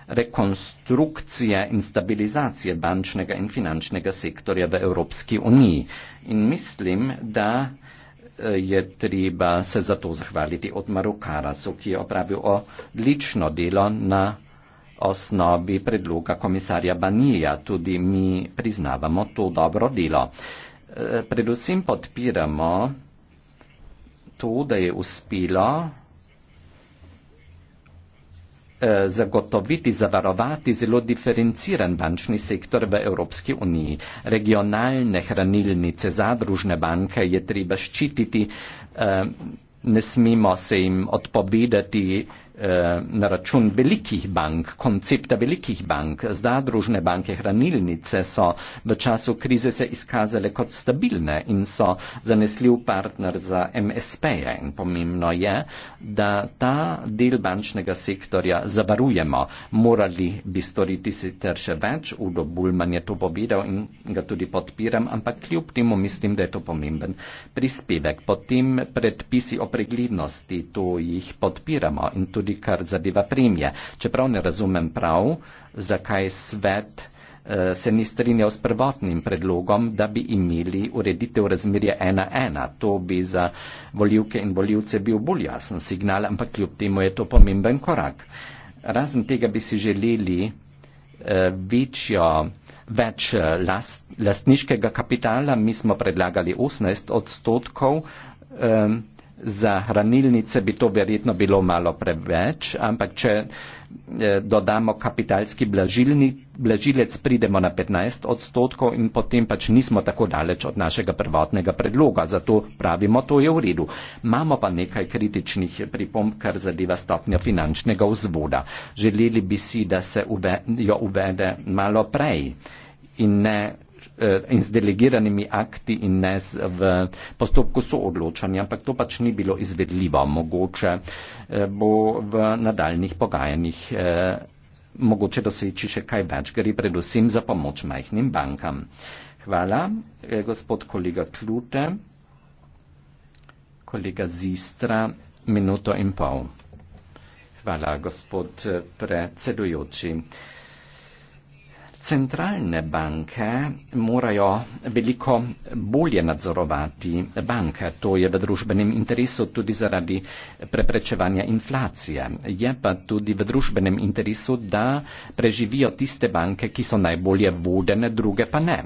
rekonstrukcije in stabilizacije bančnega in finančnega sektorja v Evropski uniji. In mislim, da eh, je treba se za to zahvaliti od Marukarasu, ki je opravil odlično delo na osnovi predloga komisarja Banija. Tudi mi priznavamo to dobro delo. Eh, predvsem podpiramo to, da je uspelo Eh, zagotoviti, zavarovati zelo diferenciran bančni sektor v Evropski uniji. Regionalne hranilnice, zadružne banke je treba ščititi, eh, ne smemo se jim odpovedati, Eh, na račun velikih bank, koncepta velikih bank. Zdaj družne banke hranilnice so v času krize se izkazale kot stabilne in so zanesljiv partner za MSP-je. In pomembno je, da ta del bančnega sektorja zavarujemo. Morali bi storiti si ter še več, Udo Bulman je to povedal in ga tudi podpiram, ampak kljub temu mislim, da je to pomemben prispevek. Potem predpisi o preglednosti, to jih podpiramo in tudi tudi kar zadeva premije. Čeprav ne razumem prav, zakaj svet eh, se ni strinjal s prvotnim predlogom, da bi imeli ureditev razmerja 1-1. To bi za voljivke in voljivce bil bolj jasen signal, ampak kljub temu je to pomemben korak. Razen tega bi si želeli eh, večjo, več eh, last, lastniškega kapitala, mi smo predlagali 18 odstotkov. Um, Za hranilnice bi to verjetno bilo malo preveč, ampak če eh, dodamo kapitalski blažilni, blažilec, pridemo na 15 odstotkov in potem pač nismo tako daleč od našega prvotnega predloga. Zato pravimo, to je v redu. Imamo pa nekaj kritičnih pripomb, kar zadeva stopnjo finančnega vzvoda. Želeli bi si, da se uve, jo uvede malo prej in ne eh, in z delegiranimi akti in ne z, v postopku soodločanja, ampak to pač ni bilo izvedljivo. Mogoče eh, bo v nadaljnih pogajanjih eh, mogoče doseči še kaj več, ker je predvsem za pomoč majhnim bankam. Hvala, eh, gospod kolega Klute, kolega Zistra, minuto in pol. Hvala, gospod eh, predsedujoči centralne banke morajo veliko bolje nadzorovati banke. To je v družbenem interesu tudi zaradi preprečevanja inflacije. Je pa tudi v družbenem interesu, da preživijo tiste banke, ki so najbolje vodene, druge pa ne.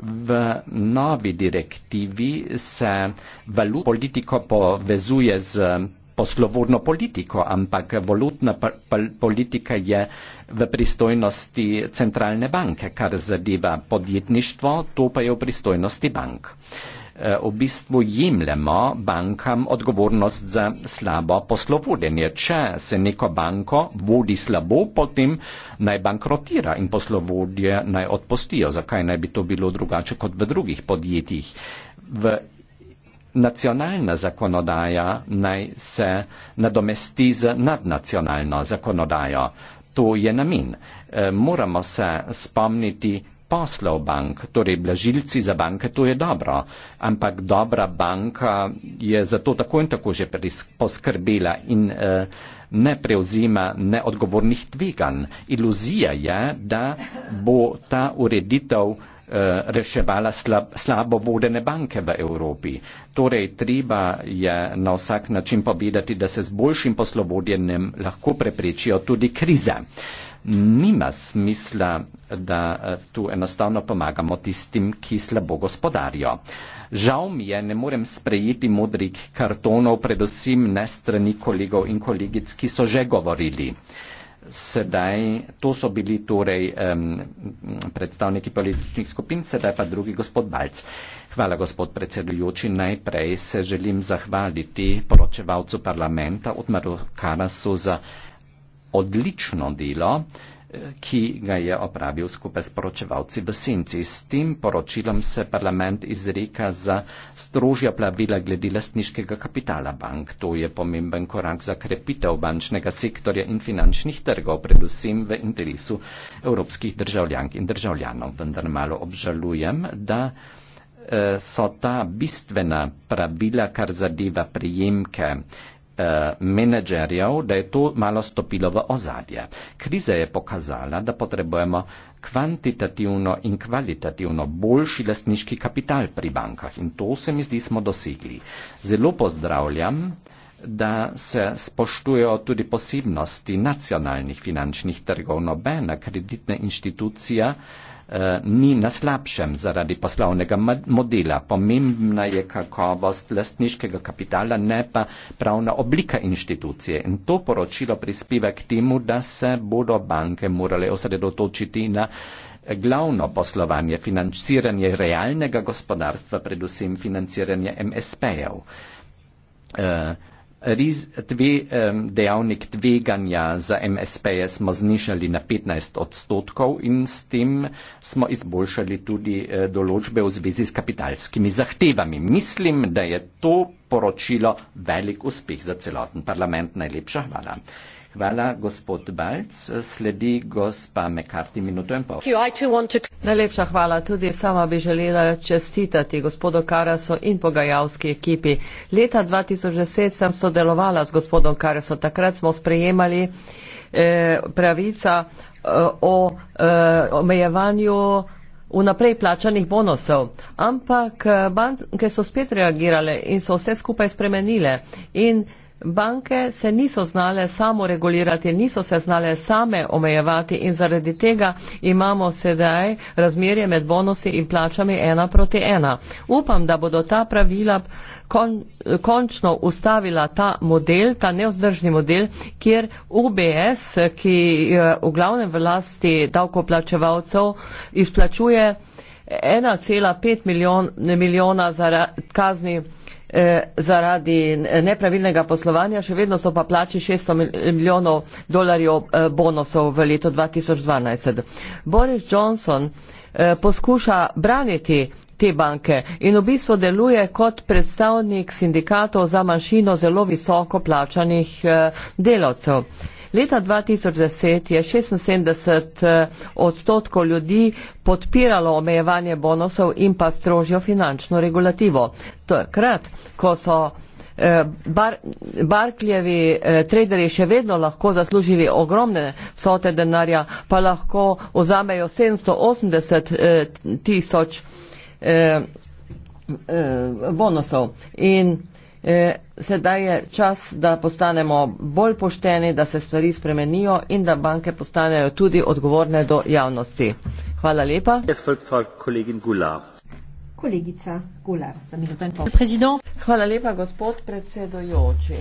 V novi direktivi se valutno politiko povezuje z poslovodno politiko, ampak valutna politika je v pristojnosti centralne banke, kar zadeva podjetništvo, to pa je v pristojnosti bank. E, v bistvu jemljemo bankam odgovornost za slabo poslovodenje. Če se neko banko vodi slabo, potem naj bankrotira in poslovodje naj odpustijo. Zakaj naj bi to bilo drugače kot v drugih podjetjih? V nacionalna zakonodaja naj se nadomesti z nadnacionalno zakonodajo. To je namen. E, moramo se spomniti poslov bank, torej blažilci za banke, to je dobro, ampak dobra banka je za to tako in tako že poskrbela in e, ne prevzima neodgovornih tveganj. Iluzija je, da bo ta ureditev Eh, reševala slab, slabo vodene banke v Evropi. Torej, treba je na vsak način povedati, da se z boljšim poslovodjenjem lahko preprečijo tudi krize. Nima smisla, da eh, tu enostavno pomagamo tistim, ki slabo gospodarijo. Žal mi je, ne morem sprejeti modrih kartonov, predvsem ne strani kolegov in kolegic, ki so že govorili. Uh, sedaj, to so bili torej um, predstavniki političnih skupin, sedaj pa drugi gospod Balc. Hvala, gospod predsedujoči. Najprej se želim zahvaliti poročevalcu parlamenta Otmaru Karasu za odlično delo ki ga je opravil skupaj s poročevalci v Senci. S tem poročilom se parlament izreka za strožja pravila glede lastniškega kapitala bank. To je pomemben korak za krepitev bančnega sektorja in finančnih trgov, predvsem v interesu evropskih državljank in državljanov. Vendar malo obžalujem, da eh, so ta bistvena pravila, kar zadeva prijemke, Eh, menedžerjev, da je to malo stopilo v ozadje. Kriza je pokazala, da potrebujemo kvantitativno in kvalitativno boljši lasniški kapital pri bankah in to se mi zdi smo dosegli. Zelo pozdravljam da se spoštujejo tudi posebnosti nacionalnih finančnih trgov. Nobena kreditna inštitucija eh, ni na slabšem zaradi poslovnega modela. Pomembna je kakovost lastniškega kapitala, ne pa pravna oblika inštitucije. In to poročilo prispeva k temu, da se bodo banke morale osredotočiti na eh, glavno poslovanje, financiranje realnega gospodarstva, predvsem financiranje MSP-jev. Eh, Riz, tve, um, dejavnik tveganja za MSP-je smo znižali na 15 odstotkov in s tem smo izboljšali tudi uh, določbe v zvezi s kapitalskimi zahtevami. Mislim, da je to poročilo velik uspeh za celoten parlament. Najlepša hvala. Hvala, gospod Balc. Sledi gospa Mekarti minuto in pol. Najlepša hvala. Tudi sama bi želela čestitati gospodu Karaso in pogajalski ekipi. Leta 2010 sem sodelovala z gospodom Karaso. Takrat smo sprejemali eh, pravica eh, o eh, omejevanju vnaprej plačanih bonusov. Ampak eh, banke so spet reagirale in so vse skupaj spremenile. In banke se niso znale samo regulirati, niso se znale same omejevati in zaradi tega imamo sedaj razmerje med bonusi in plačami ena proti ena. Upam, da bodo ta pravila kon, končno ustavila ta model, ta neozdržni model, kjer UBS, ki je eh, v glavnem v lasti davkoplačevalcev, izplačuje 1,5 milijona, milijona za kazni Eh, zaradi nepravilnega poslovanja, še vedno so pa plači 600 milijonov dolarjev eh, bonusov v letu 2012. Boris Johnson eh, poskuša braniti te banke in v bistvu deluje kot predstavnik sindikatov za manjšino zelo visoko plačanih delavcev. Leta 2010 je 76 eh, odstotkov ljudi podpiralo omejevanje bonusov in pa strožjo finančno regulativo. Takrat, ko so eh, Bar, Barkljevi eh, traderi še vedno lahko zaslužili ogromne vsote denarja, pa lahko vzamejo 780 eh, tisoč eh, eh, bonusov. In E, sedaj je čas, da postanemo bolj pošteni, da se stvari spremenijo in da banke postanejo tudi odgovorne do javnosti. Hvala lepa. Kolegica Gular, za minuto in pol. Hvala lepa, gospod predsedojoči.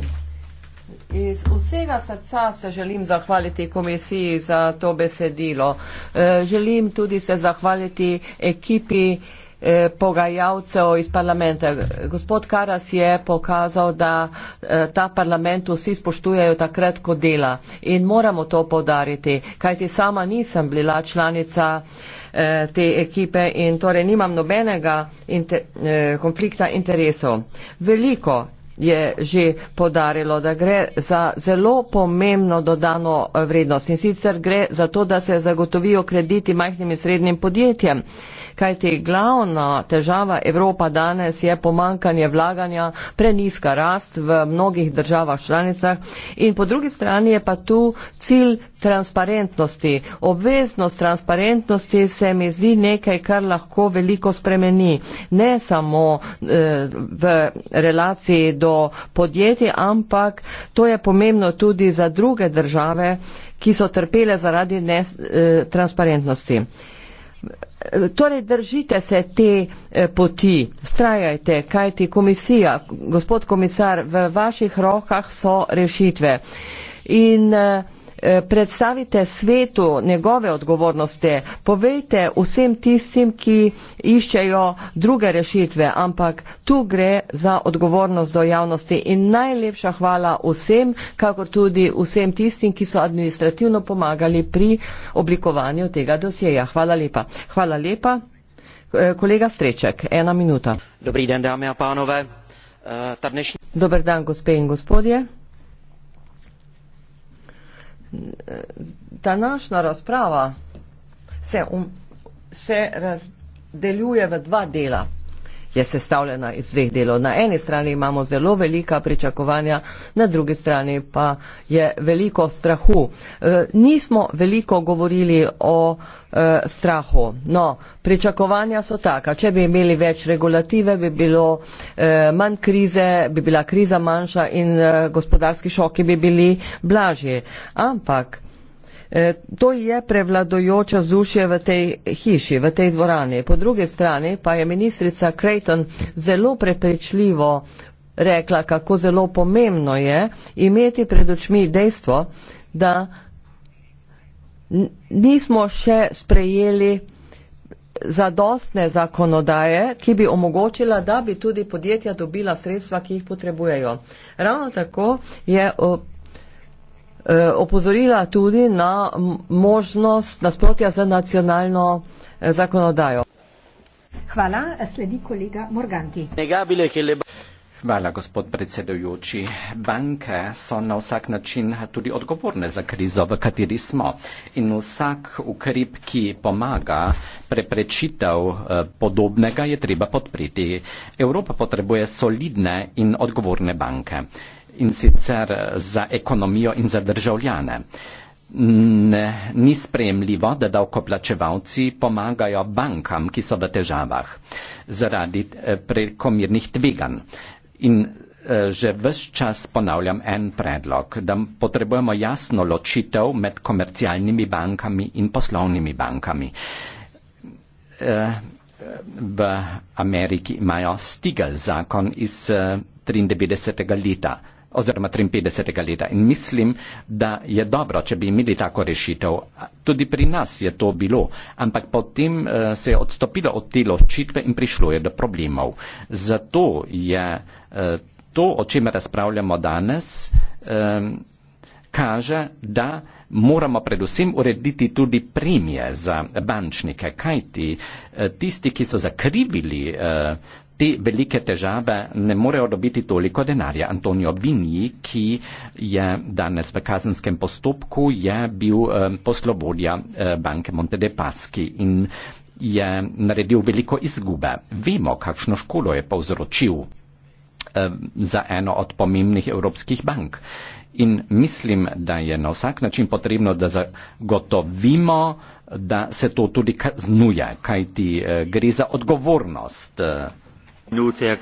Iz vsega srca se želim zahvaliti komisiji za to besedilo. E, želim tudi se zahvaliti ekipi. Eh, pogajalcev iz parlamenta. Gospod Karas je pokazal, da eh, ta parlament vsi spoštujejo takrat, ko dela. In moramo to podariti, kajti sama nisem bila članica eh, te ekipe in torej nimam nobenega inter, konflikta interesov. Veliko je že podarilo, da gre za zelo pomembno dodano vrednost in sicer gre za to, da se zagotovijo krediti majhnim in srednjim podjetjem kajti glavna težava Evropa danes je pomankanje vlaganja, preniska rast v mnogih državah članicah in po drugi strani je pa tu cilj transparentnosti. Obveznost transparentnosti se mi zdi nekaj, kar lahko veliko spremeni, ne samo eh, v relaciji do podjetij, ampak to je pomembno tudi za druge države, ki so trpele zaradi netransparentnosti. Eh, Torej, držite se te eh, poti, strajajte, kaj ti komisija, gospod komisar, v vaših rokah so rešitve. In uh, Eh, predstavite svetu njegove odgovornosti, povejte vsem tistim, ki iščejo druge rešitve, ampak tu gre za odgovornost do javnosti in najlepša hvala vsem, kako tudi vsem tistim, ki so administrativno pomagali pri oblikovanju tega dosjeja. Hvala lepa. Hvala lepa. Eh, kolega Streček, ena minuta. Dobrý den, dámy a pánové. Eh, ta dnešní... Dobar dan, gospe in gospodje današnja razprava se, um, se razdeljuje v dva dela je sestavljena iz dveh delov. Na eni strani imamo zelo velika pričakovanja, na drugi strani pa je veliko strahu. E, nismo veliko govorili o e, strahu. No, pričakovanja so taka. Če bi imeli več regulative, bi bilo e, manj krize, bi bila kriza manjša in gospodarski šoki bi bili blažji. Ampak Eh, to je prevladojoča zušje v tej hiši, v tej dvorani. Po druge strani pa je ministrica Creighton zelo prepričljivo rekla, kako zelo pomembno je imeti pred očmi dejstvo, da nismo še sprejeli zadostne zakonodaje, ki bi omogočila, da bi tudi podjetja dobila sredstva, ki jih potrebujejo. Ravno tako je Eh, opozorila tudi na možnost nasprotja z nacionalno eh, zakonodajo. Hvala, sledi kolega Morganti. Hvala, gospod predsedujoči. Banke so na vsak način tudi odgovorne za krizo, v kateri smo. In vsak ukrep, ki pomaga preprečitev eh, podobnega, je treba podpreti. Evropa potrebuje solidne in odgovorne banke in sicer za ekonomijo in za državljane. Ni sprejemljivo, da davkoplačevalci pomagajo bankam, ki so v težavah zaradi eh, prekomirnih tveganj. In eh, že vse čas ponavljam en predlog, da potrebujemo jasno ločitev med komercialnimi bankami in poslovnimi bankami. Eh, v Ameriki imajo Stigel zakon iz 1993. leta oziroma 53. leta. In mislim, da je dobro, če bi imeli tako rešitev. Tudi pri nas je to bilo, ampak potem uh, se je odstopilo od te ločitve in prišlo je do problemov. Zato je uh, to, o čem razpravljamo danes, um, kaže, da moramo predvsem urediti tudi premije za bančnike, kajti tisti, ki so zakrivili eh, te velike težave ne morejo dobiti toliko denarja. Antonio Vinji, ki je danes v kazenskem postopku, je bil eh, poslovodja eh, banke Monte de Paschi in je naredil veliko izgube. Vemo, kakšno škodo je povzročil eh, za eno od pomembnih evropskih bank. In mislim, da je na vsak način potrebno, da zagotovimo, da se to tudi kaznuje, kajti eh, gre za odgovornost. Eh, Nucija,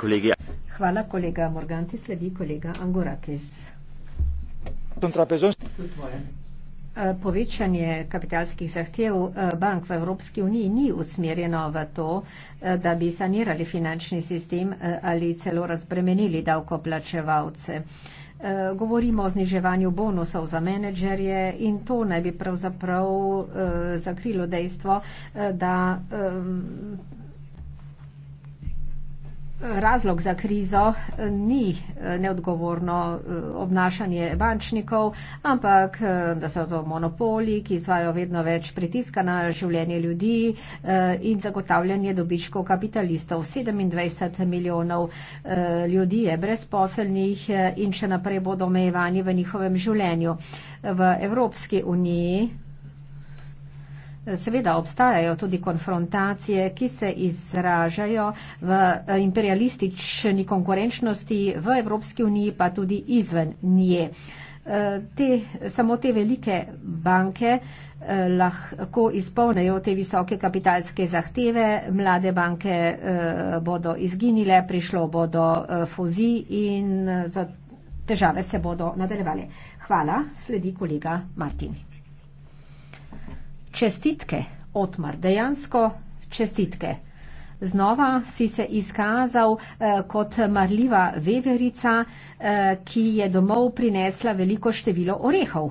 Hvala, kolega Morganti. Sledi kolega Angorakis. Eh, povečanje kapitalskih zahtev eh, bank v Evropski uniji ni usmerjeno v to, eh, da bi sanirali finančni sistem ali celo razbremenili davkoplačevalce. Govorimo o zniževanju bonusov za menedžerje in to naj bi pravzaprav zakrilo dejstvo, da razlog za krizo eh, ni eh, neodgovorno eh, obnašanje bančnikov, ampak da so to monopoli, ki izvajo vedno več pritiska na življenje ljudi in zagotavljanje dobičkov kapitalistov. 27 milijonov ljudi je brezposelnih in še naprej bodo omejevani v njihovem življenju. V Evropski uniji Seveda obstajajo tudi konfrontacije, ki se izražajo v eh, imperialistični konkurenčnosti v Evropski uniji, pa tudi izven nje. Eh, te, samo te velike banke eh, lahko izpolnejo te visoke kapitalske zahteve, mlade banke bodo izginile, prišlo bodo fuzi in težave se bodo nadaljevali. Hvala, sledi kolega Martin. Čestitke, Otmar, dejansko čestitke. Znova si se izkazal eh, kot marljiva veverica, eh, ki je domov prinesla veliko število orehov.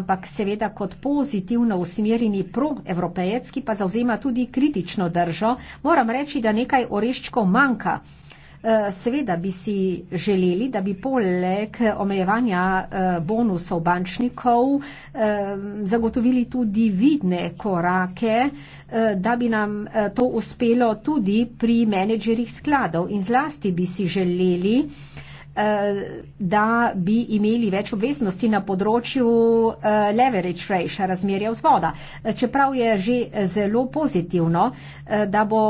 Ampak seveda kot pozitivno usmerjeni proevropejec, ki pa zauzema tudi kritično držo, moram reči, da nekaj oreščkov manjka. Eh, seveda bi si želeli, da bi poleg omejevanja eh, bonusov bančnikov eh, zagotovili tudi vidne korake, da bi nam to uspelo tudi pri menedžerjih skladov. In zlasti bi si želeli, Eh, da bi imeli več obveznosti na področju eh, leverage ratio, razmerja vzvoda. Eh, čeprav je že zelo pozitivno, da bo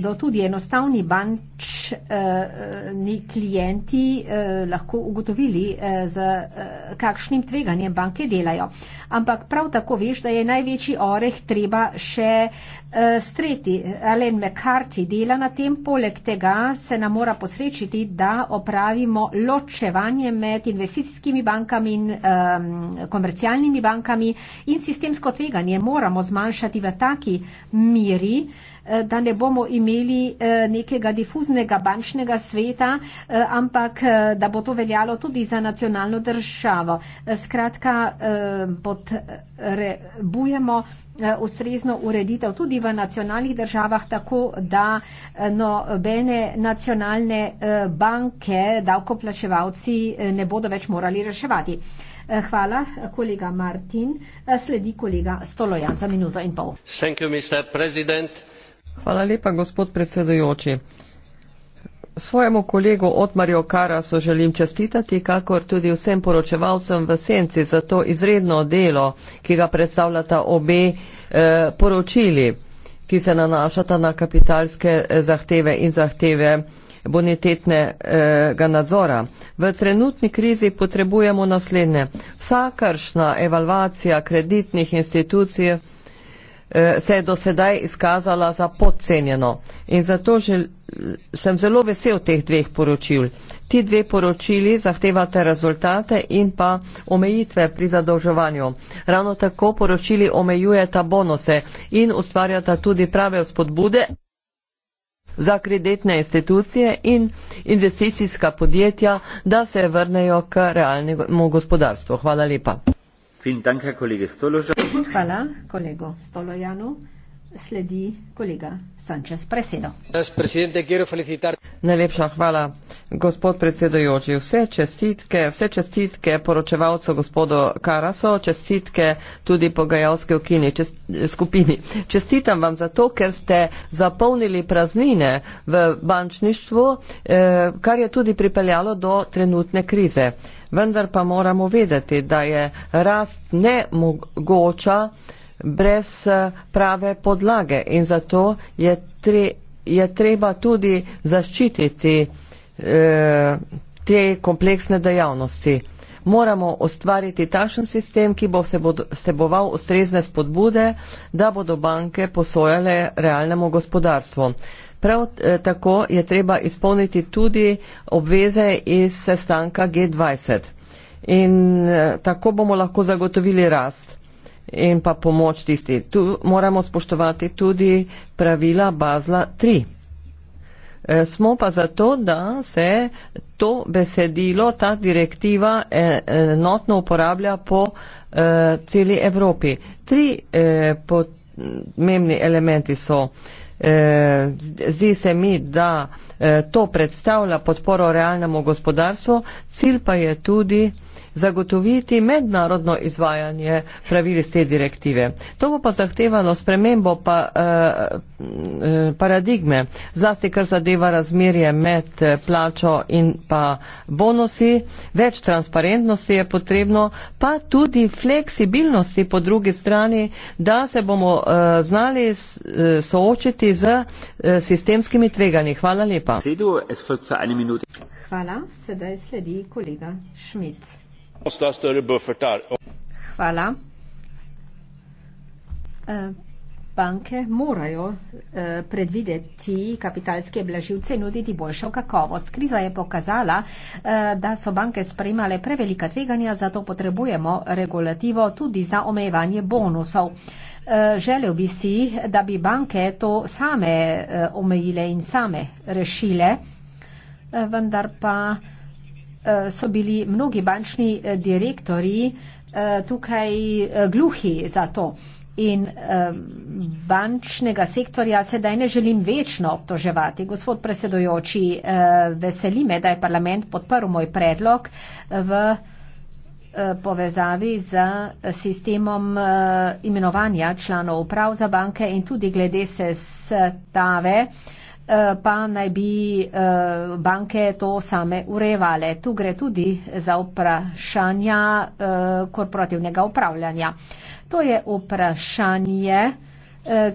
do tudi enostavni bančni klienti lahko ugotovili, z kakšnim tveganjem banke delajo. Ampak prav tako veš, da je največji oreh treba še streti. Alen McCarthy dela na tem, poleg tega se nam mora posrečiti, da opravi pravimo ločevanje med investicijskimi bankami in um, komercialnimi bankami in sistemsko tveganje moramo zmanjšati v taki miri, uh, Eh, da ne bomo imeli eh, nekega difuznega bančnega sveta, eh, ampak da bo to veljalo tudi za nacionalno državo. Skratka, potrebujemo ustrezno ureditev tudi v nacionalnih državah, tako da nobene nacionalne banke davkoplačevalci ne bodo več morali reševati. Hvala, kolega Martin. Sledi kolega Stolojan za minuto in pol. Thank you, Mr. President. Hvala lepa, gospod predsedujoči. Svojemu kolegu Otmarju Karasu želim čestitati, kakor tudi vsem poročevalcem v Senci za to izredno delo, ki ga predstavljata obe eh, poročili, ki se nanašata na kapitalske eh, zahteve in zahteve bonitetnega eh, nadzora. V trenutni krizi potrebujemo naslednje. Vsakršna evalvacija kreditnih institucij se je do sedaj izkazala za podcenjeno. In zato žel, sem zelo vesel teh dveh poročil. Ti dve poročili zahtevate rezultate in pa omejitve pri zadolževanju. Ravno tako poročili omejujeta bonuse in ustvarjata tudi prave spodbude za kreditne institucije in investicijska podjetja, da se vrnejo k realnemu gospodarstvu. Hvala lepa. Hvala, kolego Stolojanu. Sledi kolega Sanchez Presedo. Najlepša hvala, gospod predsedujoči. Vse čestitke, vse čestitke poročevalcu gospodu Karaso, čestitke tudi pogajalske okini, čest, skupini. Čestitam vam zato, ker ste zapolnili praznine v bančništvu, eh, kar je tudi pripeljalo do trenutne krize. Eh, vendar pa moramo vedeti, da je rast nemogoča brez eh, prave podlage in zato je, tre, je treba tudi zaščititi eh, te kompleksne dejavnosti. Moramo ustvariti takšen sistem, ki bo vseboval ustrezne spodbude, da bodo banke posojale realnemu gospodarstvu. Prav eh, tako je treba izpolniti tudi obveze iz sestanka G20. In eh, tako bomo lahko zagotovili rast in pa pomoč tisti. Tu moramo spoštovati tudi pravila Bazla 3. Eh, smo pa zato, da se to besedilo, ta direktiva enotno uporablja po celi Evropi. Tri pomembni elementi so eh, zdi se mi, da eh, to predstavlja podporo realnemu gospodarstvu, cilj pa je tudi eh, zagotoviti mednarodno izvajanje pravil iz te direktive. To bo pa zahtevalo spremembo pa, eh, eh paradigme, zlasti kar zadeva razmerje med eh, plačo in pa bonusi, več transparentnosti je potrebno, pa tudi fleksibilnosti po drugi strani, da se bomo eh, znali eh, soočiti z eh, sistemskimi tveganji. Hvala lepa. Hvala, sedaj sledi kolega Schmidt måste ha större buffertar. Hvala. Eh, banke morajo eh, predvideti kapitalske blažilce in nuditi boljšo kakovost. Kriza je pokazala, eh, da so banke sprejmale prevelika tveganja, zato potrebujemo regulativo tudi za omejevanje bonusov. Želel bi si, da bi banke to same omejile in same rešile, vendar pa. Eh, so bili mnogi bančni eh, direktori eh, tukaj gluhi za to. In bančnega sektorja sedaj ne želim večno obtoževati. Gospod predsedojoči, veseli me, da je parlament podprl moj predlog v povezavi z sistemom imenovanja članov uprav za banke in tudi glede se stave. Eh, pa naj bi eh, banke to same urejevale. Tu gre tudi za vprašanja eh, korporativnega upravljanja. To je vprašanje,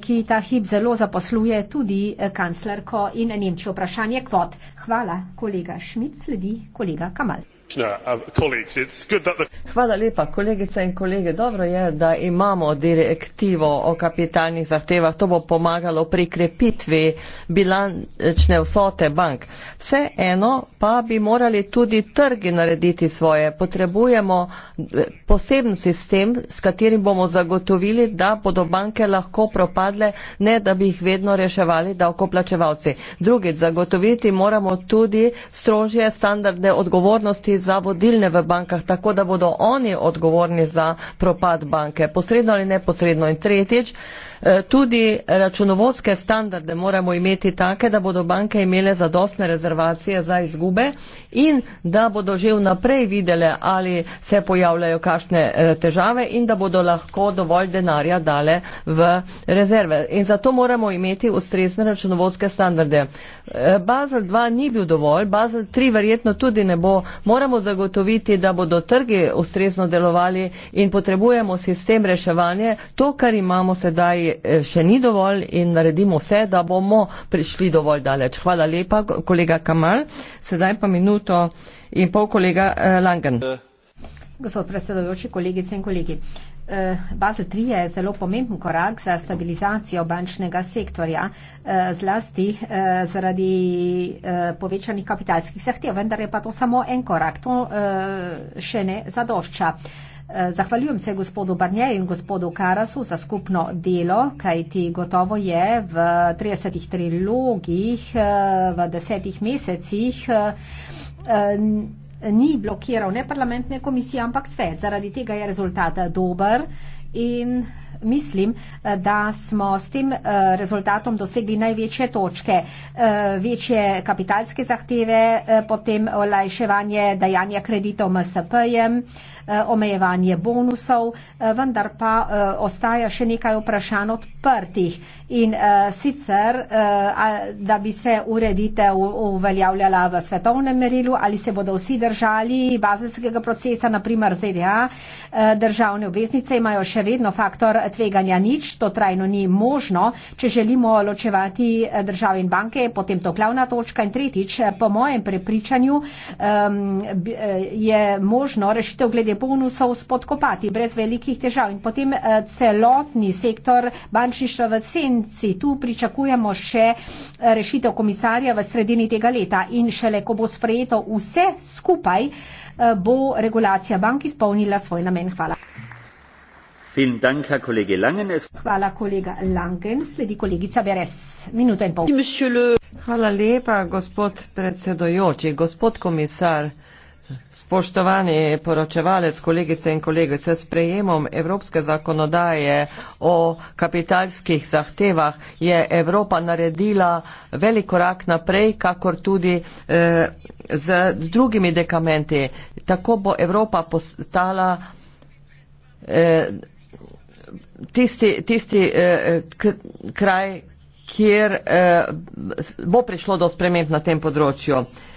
ki ta hip zelo zaposluje tudi kanclerko in Nemčjo. Vprašanje kvot. Hvala, kolega Šmit, sledi kolega Kamal. Uh, uh, Hvala lepa, kolegice in kolege. Dobro je, da imamo direktivo o kapitalnih zahtevah. To bo pomagalo pri krepitvi bilančne vsote bank. Vseeno pa bi morali tudi trgi narediti svoje. Potrebujemo eh, poseben sistem, s katerim bomo zagotovili, da bodo banke lahko propadle, ne da bi jih vedno reševali davkoplačevalci. Drugič, zagotoviti moramo tudi strožje standarde odgovornosti za vodilne v bankah, tako da bodo oni odgovorni za propad banke, posredno ali neposredno. In tretjič, Eh, tudi računovodske standarde moramo imeti take, da bodo banke imele zadostne rezervacije za izgube in da bodo že vnaprej videli, ali se pojavljajo kakšne eh, težave in da bodo lahko dovolj denarja dale v rezerve. In zato moramo imeti ustrezne računovodske standarde. Eh, Bazel 2 ni bil dovolj, Bazel 3 verjetno tudi ne bo. Moramo zagotoviti, da bodo trgi ustrezno delovali in potrebujemo sistem reševanja. To, kar imamo sedaj, Eh, še ni dovolj in naredimo vse, da bomo prišli dovolj daleč. Hvala lepa, kolega Kamal. Sedaj pa minuto in pol kolega eh, Langen. Eh. Gospod predsedujoči, kolegice in kolegi. Basel 3 je zelo pomemben korak za stabilizacijo bančnega sektorja, zlasti zaradi povečanih kapitalskih zahtev, vendar je pa to samo en korak, to še ne zadošča. Eh, zahvaljujem se gospodu Barnjeju in gospodu Karasu za skupno delo, kajti gotovo je v 30 trilogih eh, v desetih mesecih eh, ni blokiral ne parlamentne komisije, ampak svet. Zaradi tega je rezultat dober in mislim, eh, da smo s tem eh, rezultatom dosegli največje točke, eh, večje kapitalske zahteve, potem olajševanje dajanja kreditov MSP-jem, omejevanje bonusov, vendar pa ostaja še nekaj vprašanj odprtih in sicer, da bi se ureditev uveljavljala v svetovnem merilu, ali se bodo vsi držali bazelskega procesa, naprimer ZDA, državne obveznice imajo še vedno faktor tveganja nič, to trajno ni možno. Če želimo ločevati eh, države in banke, potem to glavna točka. In tretjič, eh, po mojem prepričanju um, je možno rešitev glede bonusov spodkopati brez velikih težav. In potem celotni sektor bančništva v senci. Tu pričakujemo še rešitev komisarja v sredini tega leta. In šele, ko bo sprejeto vse skupaj, bo regulacija bank izpolnila svoj namen. Hvala. Hvala, kolega Langen. Sledi kolegica Beres. Minuta in pol. Hvala lepa, gospod predsedojoči, gospod komisar. Spoštovani poročevalec, kolegice in kolege, se sprejemom Evropske zakonodaje o kapitalskih zahtevah je Evropa naredila velik korak naprej, kakor tudi eh, z drugimi dekamenti. Tako bo Evropa postala. Eh, tisti, tisti eh, kraj, kjer eh, bo prišlo do sprememb na tem področju. Eh,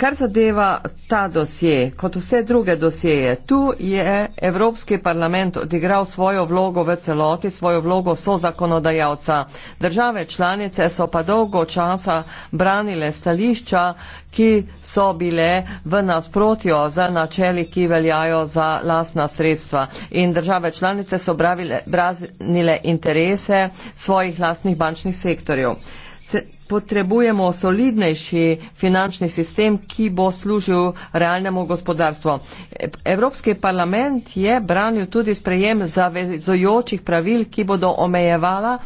Kar zadeva ta dosje, kot vse druge dosjeje, tu je Evropski parlament odigral svojo vlogo v celoti, svojo vlogo so zakonodajalca. Države članice so pa dolgo časa branile stališča, ki so bile v nasprotju za načeli, ki veljajo za lasna sredstva. In države članice so branile interese svojih lasnih bančnih sektorjev potrebujemo solidnejši finančni sistem, ki bo služil realnemu gospodarstvu. Evropski parlament je branil tudi sprejem zavezojočih pravil, ki bodo omejevala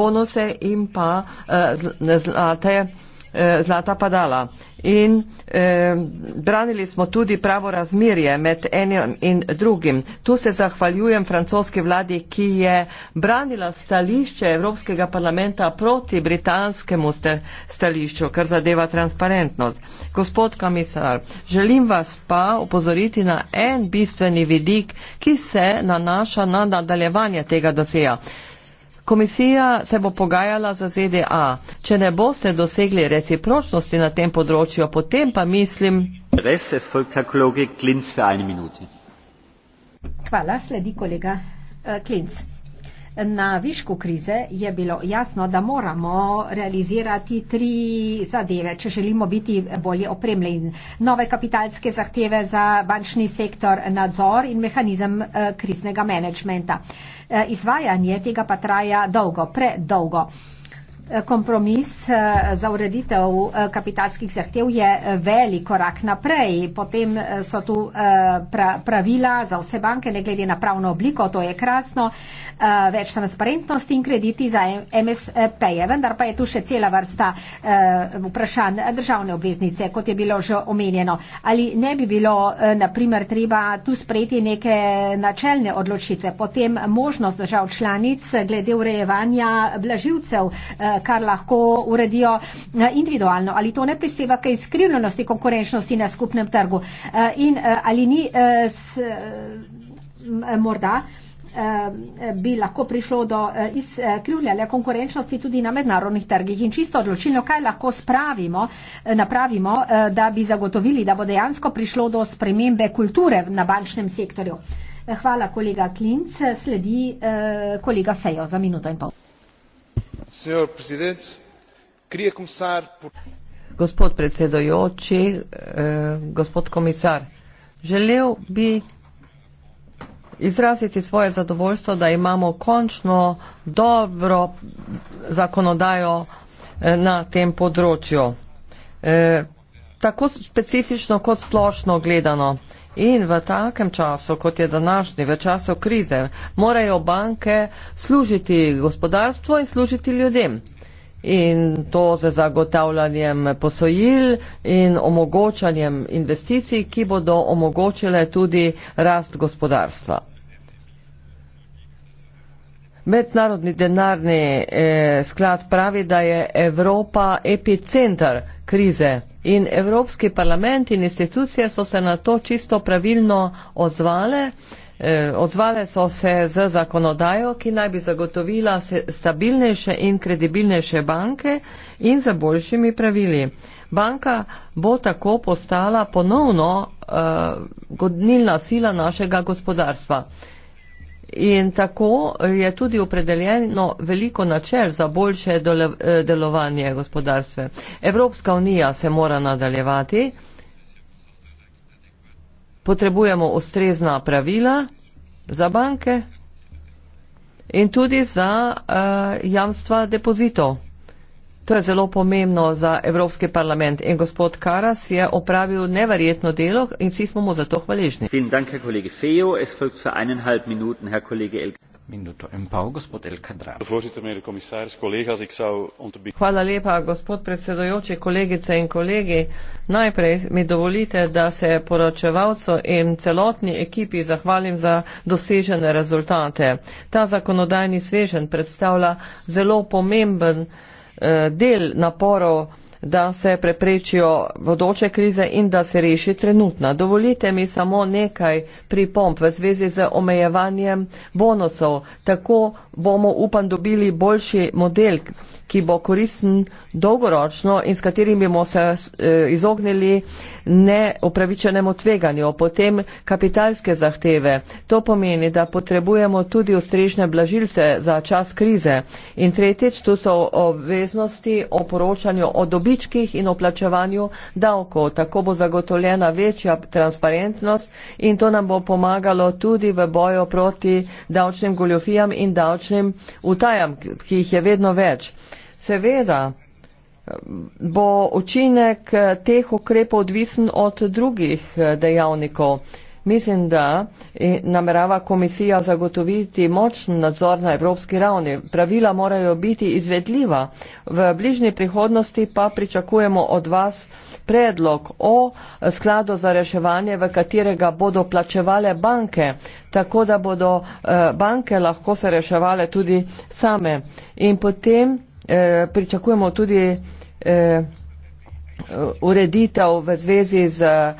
bonuse in pa eh, zlate. Zl zl zl zl zl zl Eh, zlata padala. In eh, branili smo tudi pravo razmirje med enim in drugim. Tu se zahvaljujem francoski vladi, ki je branila stališče Evropskega parlamenta proti britanskemu stališču, kar zadeva transparentnost. Gospod komisar, želim vas pa upozoriti na en bistveni vidik, ki se nanaša na nadaljevanje tega doseja. Komisija se bo pogajala za ZDA. Če ne boste dosegli recipročnosti na tem področju, potem pa mislim. Hvala, sledi kolega eh, Klinc. Na višku krize je bilo jasno, da moramo realizirati tri zadeve, če želimo biti bolje opremljeni. Nove kapitalske zahteve za bančni sektor, nadzor in mehanizem eh, kriznega menedžmenta. Eh, izvajanje tega pa traja dolgo, predolgo. Kompromis eh, za ureditev eh, kapitalskih zahtev je eh, velik korak naprej. Potem so tu pravila za vse banke, ne glede na pravno obliko, to je krasno, več transparentnosti in krediti za MSP-je. Vendar pa je tu še cela vrsta vprašanj državne obveznice, kot je bilo že omenjeno. Ali ne bi bilo, na primer, treba tu sprejeti neke načelne odločitve, potem možnost držav članic glede urejevanja blaživcev kar lahko uredijo eh, individualno. Ali to ne prispeva k izkrivljenosti konkurenčnosti na skupnem trgu? Eh, in eh, ali ni s, morda bi lahko prišlo do izkrivljanja konkurenčnosti tudi na mednarodnih trgih. In čisto odločilno, kaj lahko spravimo, napravimo, da bi zagotovili, da bo dejansko prišlo do spremembe kulture na bančnem sektorju. Hvala, kolega Klinc. Sledi kolega Fejo za minuto in pol gospod predsedujoči eh, gospod komisar želel bi izraziti svoje zadovoljstvo da imamo končno dobro zakonodajo eh, na tem področju eh, tako specifično kot splošno gledano In v takem času, kot je današnji, v času krize, morajo banke služiti gospodarstvo in služiti ljudem. In to z zagotavljanjem posojil in omogočanjem investicij, ki bodo omogočile tudi rast gospodarstva. Mednarodni denarni eh, sklad pravi, da je Evropa epicentar krize in Evropski parlament in institucije so se na to čisto pravilno odzvale. Eh, odzvale so se z zakonodajo, ki naj bi zagotovila stabilnejše in kredibilnejše banke in za boljšimi pravili. Banka bo tako postala ponovno eh, godnilna sila našega gospodarstva. In tako je tudi opredeljeno veliko načel za boljše eh, delovanje gospodarstva. Evropska unija se mora nadaljevati, potrebujemo ustrezna pravila za banke in tudi za uh, jamstva depozitov. To je zelo pomembno za Evropski parlament in gospod Karas je opravil neverjetno delo in vsi smo mu za to hvaležni. Hvala lepa, gospod predsedojoči, kolegice in kolegi. Najprej mi dovolite, da se poročevalcu in celotni ekipi zahvalim za dosežene rezultate. Ta zakonodajni svežen predstavlja zelo pomemben Eh, del naporov da se preprečijo bodoče krize in da se reši trenutna. Dovolite mi samo nekaj pripomp v zvezi z omejevanjem bonusov. Tako bomo, upam, dobili boljši model, ki bo koristen dolgoročno in s katerim bomo se eh, izognili neupravičenemu tveganju. Potem kapitalske zahteve. To pomeni, da potrebujemo tudi ustrežne blažilce za čas krize. In tretjič, tu so obveznosti o poročanju o dobičkih dobičkih in oplačevanju davkov. Tako bo zagotovljena večja transparentnost in to nam bo pomagalo tudi v boju proti davčnim goljofijam in davčnim utajam, ki jih je vedno več. Seveda eh, bo učinek eh, teh ukrepov odvisen od drugih eh, dejavnikov. Mislim, da eh, namerava komisija zagotoviti močen nadzor na evropski ravni. Pravila morajo biti izvedljiva. V bližnji prihodnosti pa pričakujemo od vas predlog o skladu za reševanje, v katerega bodo plačevale banke, tako da bodo eh, banke lahko se reševale tudi same. In potem eh, pričakujemo tudi. Eh, ureditev v zvezi z uh,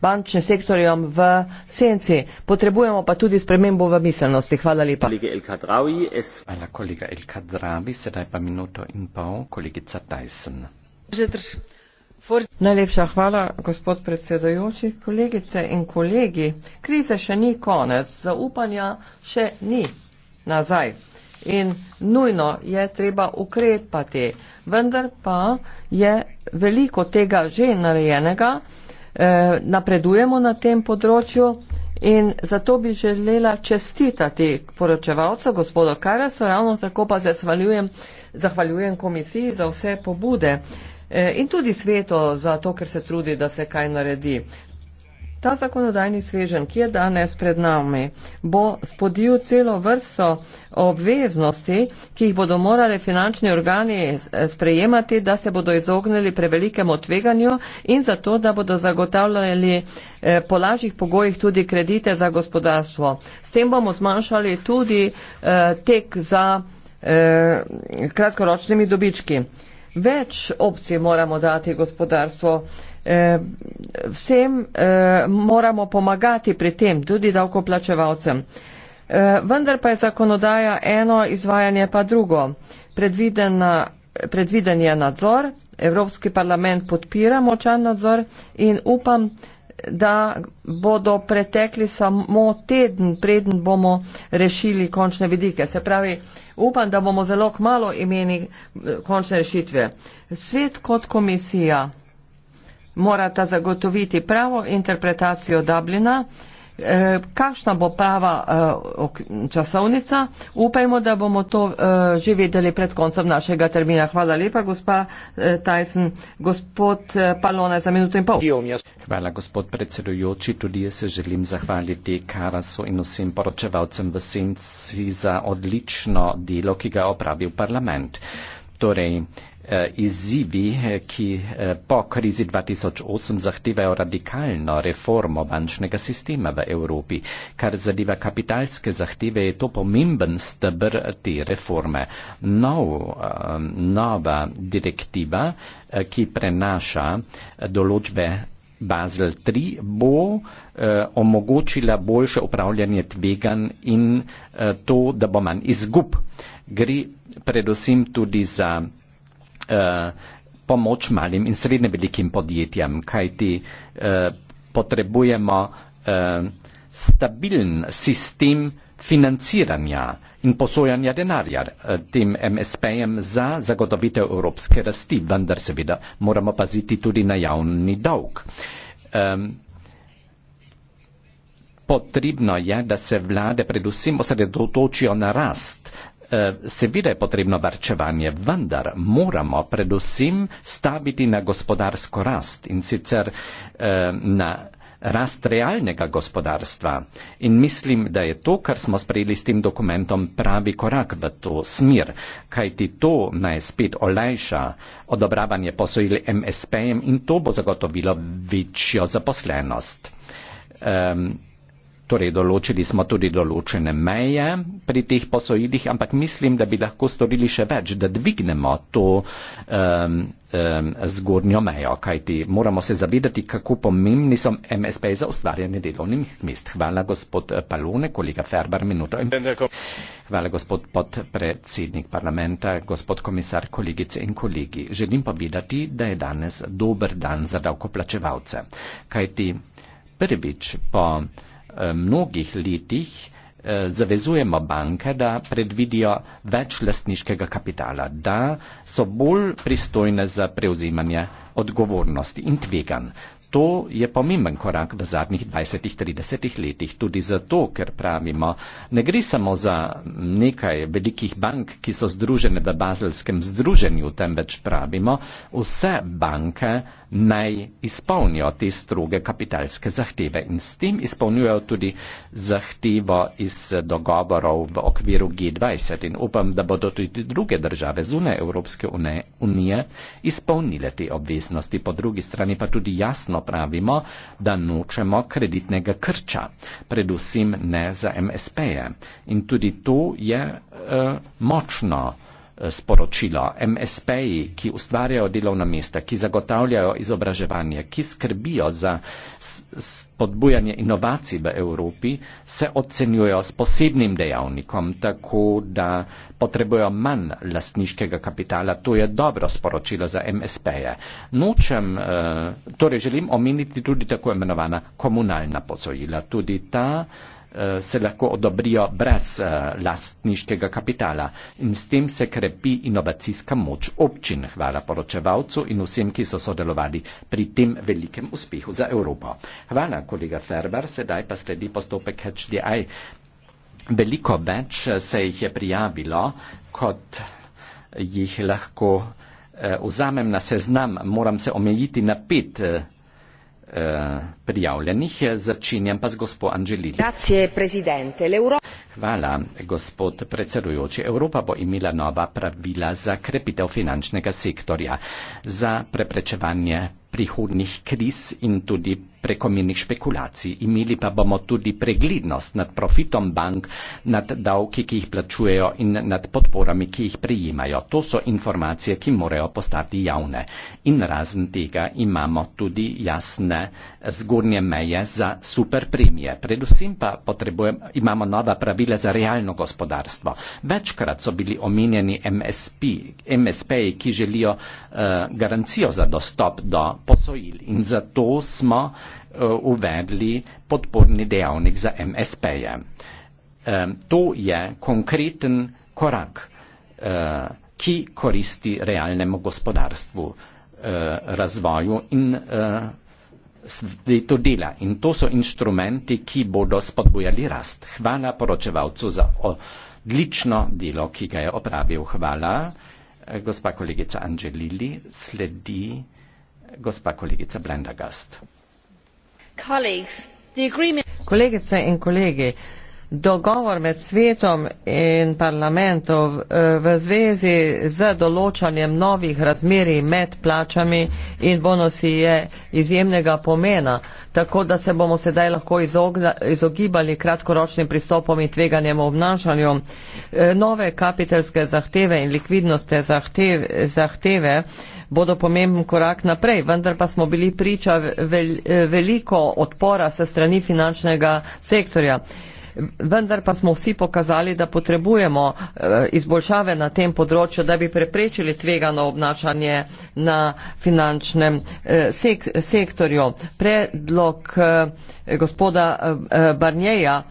bančnim sektorjem v senci. Potrebujemo pa tudi spremembo v miselnosti. Hvala lepa. Hvala, kolega El Kadravi. Sedaj pa minuto in pol, kolegica Tyson. Najlepša hvala, gospod predsedojoči, kolegice in kolegi. Krize še ni konec, zaupanja še ni nazaj. In nujno je treba ukrepati, vendar pa je veliko tega že narejenega, eh, napredujemo na tem področju in zato bi želela čestitati poročevalcu gospodu Karasu, ravno tako pa zahvaljujem, zahvaljujem komisiji za vse pobude. Eh, in tudi sveto za to, ker se trudi, da se kaj naredi. Ta zakonodajni svežen, ki je danes pred nami, bo spodil celo vrsto obveznosti, ki jih bodo morali finančni organi sprejemati, da se bodo izognili prevelikemu tveganju in zato, da bodo zagotavljali eh, po lažjih pogojih tudi kredite za gospodarstvo. S tem bomo zmanjšali tudi eh, tek za eh, kratkoročnimi dobički. Več opcij moramo dati gospodarstvo eh, vsem eh, moramo pomagati pri tem, tudi davkoplačevalcem. Eh, vendar pa je zakonodaja eno, izvajanje pa drugo. Predviden je nadzor, Evropski parlament podpira močan nadzor in upam, da bodo pretekli samo teden, preden bomo rešili končne vidike. Se pravi, upam, da bomo zelo kmalo imeli eh, končne rešitve. Svet kot komisija morata zagotoviti pravo interpretacijo Dublina, eh, kakšna bo prava eh, časovnica. Upajmo, da bomo to eh, že vedeli pred koncem našega termina. Hvala lepa, gospa Tyson. Gospod Palone, za minuto in pol. Hvala, gospod predsedujoči. Tudi jaz se želim zahvaliti Karasu in vsem poročevalcem v Senci za odlično delo, ki ga opravil parlament. Torej, Eh, izzivi, eh, ki eh, po krizi 2008 zahtevajo radikalno reformo bančnega sistema v Evropi. Kar zadeva kapitalske zahteve, je to pomemben stebr te reforme. Nov, nova direktiva, ki prenaša določbe Bazel 3 bo eh, omogočila boljše upravljanje tvegan in eh, to, da bo manj izgub. Gre predvsem tudi za Eh, pomoč malim in srednje velikim podjetjem, kajti eh, potrebujemo eh, stabilen sistem financiranja in posojanja denarja tem MSP-jem za zagotovitev evropske rasti, vendar seveda moramo paziti tudi na javni dolg. Potrebno je, da se vlade predvsem osredotočijo na rast, Eh, seveda je potrebno varčevanje, vendar moramo predvsem staviti na gospodarsko rast in sicer eh, na rast realnega gospodarstva. In mislim, da je to, kar smo sprejeli s tem dokumentom, pravi korak v to smer, kajti to naj spet olajša odobravanje posojil MSP-jem in to bo zagotovilo večjo zaposlenost. Eh, Torej, določili smo tudi določene meje pri teh posojilih, ampak mislim, da bi lahko storili še več, da dvignemo to um, um, zgornjo mejo, kajti moramo se zavedati, kako pomembni so MSP za ustvarjanje delovnih mest. Hvala, gospod Palone, kolega Ferber, minuto. Hvala, gospod podpredsednik parlamenta, gospod komisar, kolegice in kolegi. Želim povedati, da je danes dober dan za davkoplačevalce, kajti prvič po Eh, mnogih letih eh, zavezujemo banke, da predvidijo več lastniškega kapitala, da so bolj pristojne za prevzemanje odgovornosti in tvegan. To je pomemben korak v zadnjih 20-30 letih, tudi zato, ker pravimo, ne gre samo za nekaj velikih bank, ki so združene v bazelskem združenju, temveč pravimo, vse banke naj izpolnijo te stroge kapitalske zahteve in s tem izpolnjujo tudi zahtevo iz dogovorov v okviru G20 in upam, da bodo tudi druge države zune Evropske unije izpolnile te obveznosti. Po drugi strani pa tudi jasno pravimo, da nočemo kreditnega krča, predvsem ne za MSP-je. In tudi to je uh, močno sporočilo. MSP-ji, ki ustvarjajo delovna mesta, ki zagotavljajo izobraževanje, ki skrbijo za spodbujanje inovacij v Evropi, se ocenjujo s posebnim dejavnikom, tako da potrebujo manj lastniškega kapitala. To je dobro sporočilo za MSP-je. Nočem, eh, torej želim omeniti tudi tako imenovana komunalna posojila. Tudi ta Eh, se lahko odobrijo brez eh, lastniškega kapitala in s tem se krepi inovacijska moč občin. Hvala poročevalcu in vsem, ki so sodelovali pri tem velikem uspehu za Evropo. Hvala, kolega Ferber, sedaj pa sledi postopek HDI. Veliko več eh, se jih je prijavilo, kot jih lahko vzamem na seznam, moram se omejiti na pet. Eh, prijavljenih. Začenjam pa z gospo Angelili. Grazie, presidente. Hvala, gospod predsedujoči. Evropa bo imela nova pravila za krepitev finančnega sektorja, za preprečevanje prihodnih kriz in tudi prekomernih špekulacij. Imeli pa bomo tudi preglednost nad profitom bank, nad davki, ki jih plačujejo in nad podporami, ki jih prijimajo. To so informacije, ki morajo postati javne. In razen tega imamo tudi jasne zgornje meje za super premije. Predvsem pa imamo nova pravila za realno gospodarstvo. Večkrat so bili omenjeni MSP, MSP, ki želijo uh, garancijo za dostop do posojil. In zato smo uh, Eh, uvedli podporni dejavnik za MSP-je. Eh, to je konkreten korak, eh, ki koristi realnemu gospodarstvu, razvoju in svetu dela. In to so inštrumenti, ki bodo spodbujali rast. Hvala poročevalcu za odlično delo, ki ga je opravil. Hvala, gospa kolegica Angelili. Sledi gospa kolegica Blendagast kolegice in kolegi! dogovor med svetom in parlamentom eh, v zvezi z določanjem novih razmerij med plačami in bonusi je izjemnega pomena, tako da se bomo sedaj lahko izogibali kratkoročnim pristopom in tveganjem obnašanju. Eh, nove kapitalske zahteve in likvidnostne zahteve, zahteve bodo pomemben korak naprej, vendar pa smo bili priča eh, veliko odpora se strani finančnega sektorja vendar pa smo vsi pokazali, da potrebujemo eh, izboljšave na tem področju, da bi preprečili tvegano obnašanje na finančnem eh, sek sektorju. Predlog eh, gospoda Barnjeja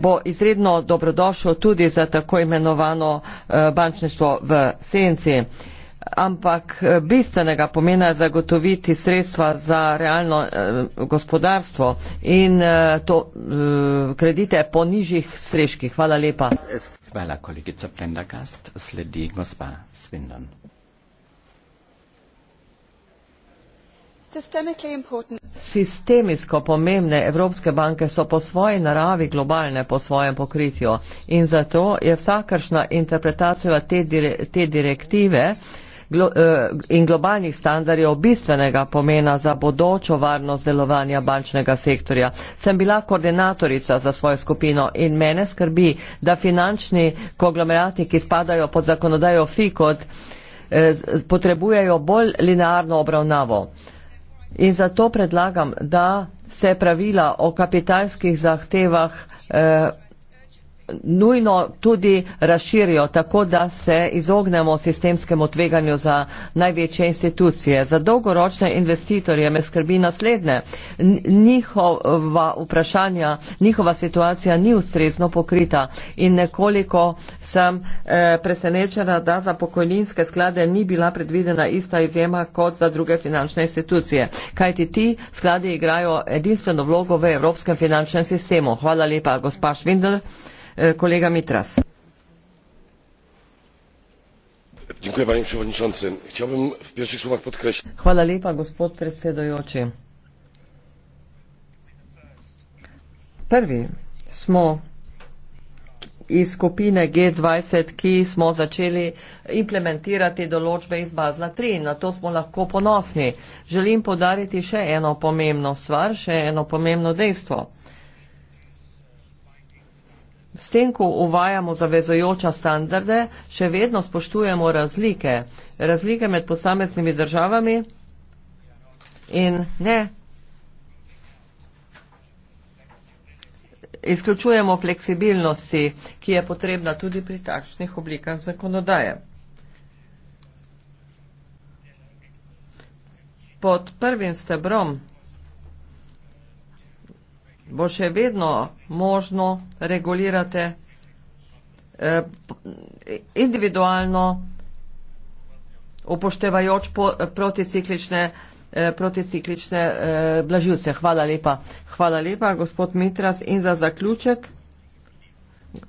bo izredno dobrodošel tudi za tako imenovano bančništvo v Senci ampak eh, bistvenega pomena je zagotoviti sredstva za realno eh, gospodarstvo in eh, to kredite po nižjih streških. Hvala lepa. Hvala, kolegica Plendagast. Sledi gospa Svindon. Sistemsko pomembne evropske banke so po svoji naravi globalne, po svojem pokritju in zato je vsakršna interpretacija te, dire, te direktive eh, glo, eh, in globalnih standardov bistvenega pomena za bodočo varnost delovanja bančnega sektorja. Sem bila koordinatorica za svojo skupino in mene skrbi, da finančni konglomerati, ki spadajo pod zakonodajo FICOD, eh, potrebujejo bolj linearno obravnavo. In zato predlagam, da se pravila o kapitalskih zahtevah eh, nujno tudi razširijo, tako da se izognemo sistemskemu tveganju za največje institucije. Za dolgoročne investitorje me skrbi naslednje. Njihova vprašanja, njihova situacija ni ustrezno pokrita in nekoliko sem eh, presenečena, da za pokojninske sklade ni bila predvidena ista izjema kot za druge finančne institucije. Kajti ti skladi igrajo edinstveno vlogo v evropskem finančnem sistemu. Hvala lepa, gospa Švindl. Eh, kolega Mitras. Dziękuję panie przewodniczący. Chciałbym w pierwszych słowach podkreślić. Hvala lepa, gospod predsedujoči. Prvi smo iz skupine G20, ki smo začeli implementirati določbe iz Bazla 3. Na to smo lahko ponosni. Želim podariti še eno pomembno stvar, še eno pomembno dejstvo. S tem, ko uvajamo zavezojoča standarde, še vedno spoštujemo razlike, razlike med posameznimi državami in ne izključujemo fleksibilnosti, ki je potrebna tudi pri takšnih oblikah zakonodaje. Pod prvim stebrom bo še vedno možno regulirati eh, individualno upoštevajoč eh, proticiklične, eh, proticiklične blažilce. Hvala lepa. Hvala lepa, gospod Mitras. In za zaključek,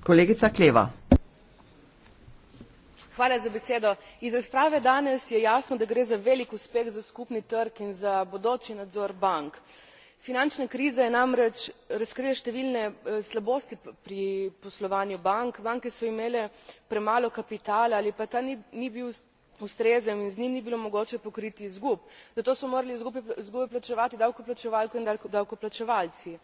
kolegica Kleva. Hvala za besedo. Iz razprave danes je jasno, da gre za velik uspeh za skupni trg in za bodoči nadzor bank finančna kriza je namreč razkrila številne eh, slabosti pri poslovanju bank banke so imele premalo kapitala ali pa ta ni bil ustrezen in z njim ni bilo mogoče pokriti izgub zato so morali izgube plačevati davkoplačevalke in davkoplačevalci.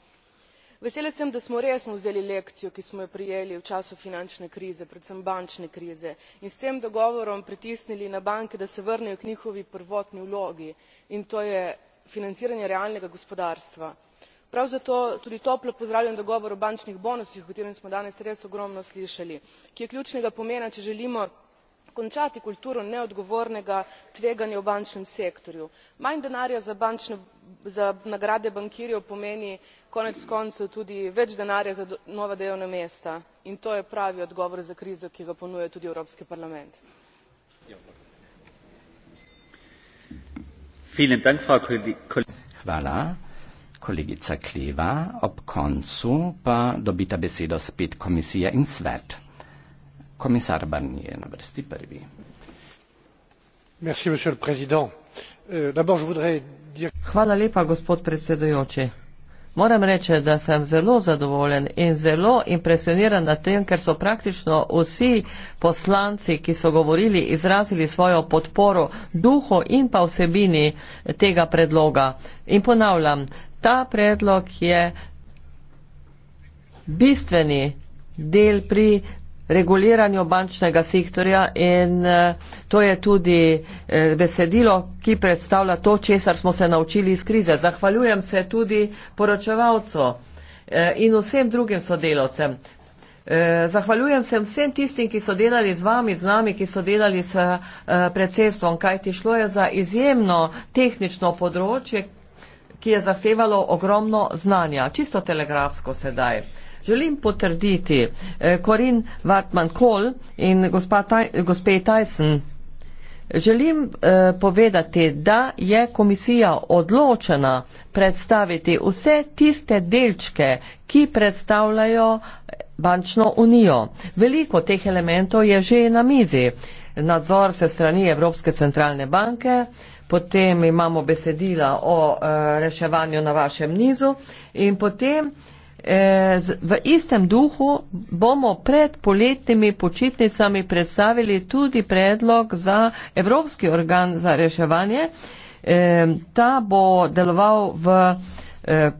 vesela sem da smo resno vzeli lekcijo ki smo jo prejeli v času finančne krize predvsem bančne krize in s tem dogovorom pritisnili na banke da se vrnejo k njihovi prvotni vlogi in to je financiranje realnega gospodarstva. prav zato tudi toplo pozdravljam dogovor o bančnih bonusih o katerem smo danes res ogromno slišali ki je ključnega pomena če želimo končati kulturo neodgovornega tveganja v bančnem sektorju. manj denarja za bančne za nagrade bankirjev pomeni konec koncev tudi več denarja za nova delovna mesta in to je pravi odgovor za krizo ki ga ponuja tudi evropski parlament. Vielen Dank, Frau Kollegin. Hvala. Kolegica Kleva, ob koncu pa dobita besedo spet komisija in svet. Komisar Barnier na vrsti prvi. Euh, Hvala lepa, gospod predsedujoči. Moram reči, da sem zelo zadovoljen in zelo impresioniran nad tem, ker so praktično vsi poslanci, ki so govorili, izrazili svojo podporo duhu in pa vsebini tega predloga. In ponavljam, ta predlog je bistveni del pri reguliranju bančnega sektorja in eh, to je tudi eh, besedilo, ki predstavlja to, česar smo se naučili iz krize. Zahvaljujem se tudi poročevalcu eh, in vsem drugim sodelovcem. Zahvaljujem se vsem tistim, ki so delali z vami, z nami, ki so delali s predsedstvom, kajti šlo je za izjemno tehnično področje, ki je zahtevalo ogromno znanja, čisto telegrafsko sedaj. Želim potrditi eh, Corinne Wartman-Kohl in gospe Tyson. Želim eh, povedati, da je komisija odločena predstaviti vse tiste delčke, ki predstavljajo bančno unijo. Veliko teh elementov je že na mizi. Nadzor se strani Evropske centralne banke, potem imamo besedila o eh, reševanju na vašem nizu in potem eh, Eh, v istem duhu bomo pred poletnimi počitnicami predstavili tudi predlog za Evropski organ za reševanje. Eh, ta bo deloval v eh,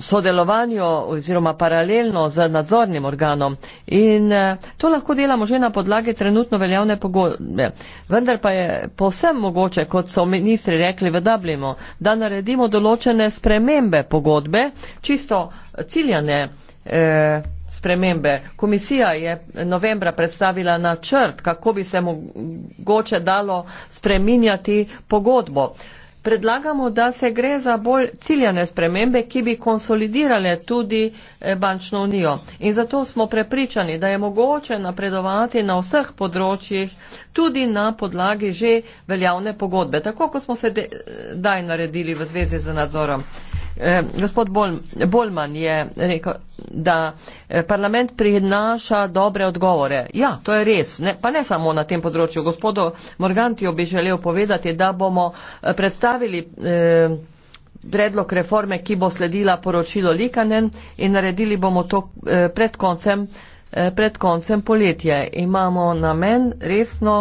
sodelovanju oziroma paralelno z nadzornim organom in eh, to lahko delamo že na podlagi trenutno veljavne pogodbe. Vendar pa je povsem mogoče, kot so ministri rekli v Dublinu, da naredimo določene spremembe pogodbe, čisto ciljane eh, spremembe. Komisija je novembra predstavila načrt, kako bi se mogoče dalo spreminjati pogodbo. Eh, predlagamo, da se gre za bolj ciljane spremembe, ki bi konsolidirale tudi eh, bančno unijo. In zato smo prepričani, da je mogoče napredovati na vseh področjih, tudi na podlagi že veljavne pogodbe, tako kot smo se eh, daj naredili v zvezi z nadzorom. Eh, gospod Bolman je rekel, da eh, parlament prinaša dobre odgovore. Ja, to je res, ne, pa ne samo na tem področju. Gospodo Morgantijo bi želel povedati, da bomo eh, predstavili predlog reforme, ki bo sledila poročilo Likanen in naredili bomo to pred koncem, pred koncem poletje. Imamo namen resno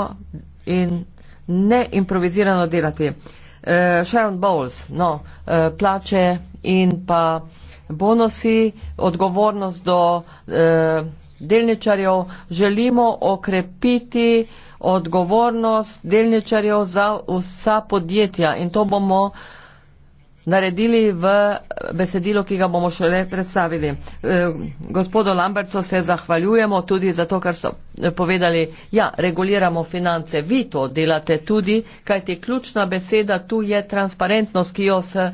in neimprovizirano delati. Uh, Sharon Bowles, no, uh, plače in pa bonusi, odgovornost do uh, delničarjev. Želimo okrepiti odgovornost delničarjev za vsa podjetja in to bomo uh, naredili v besedilo, ki ga bomo šele predstavili. Eh, Gospodo Lambertso se zahvaljujemo tudi za to, kar so eh, povedali, ja, reguliramo finance, vi to delate tudi, kajti ključna beseda tu je transparentnost, ki jo s eh,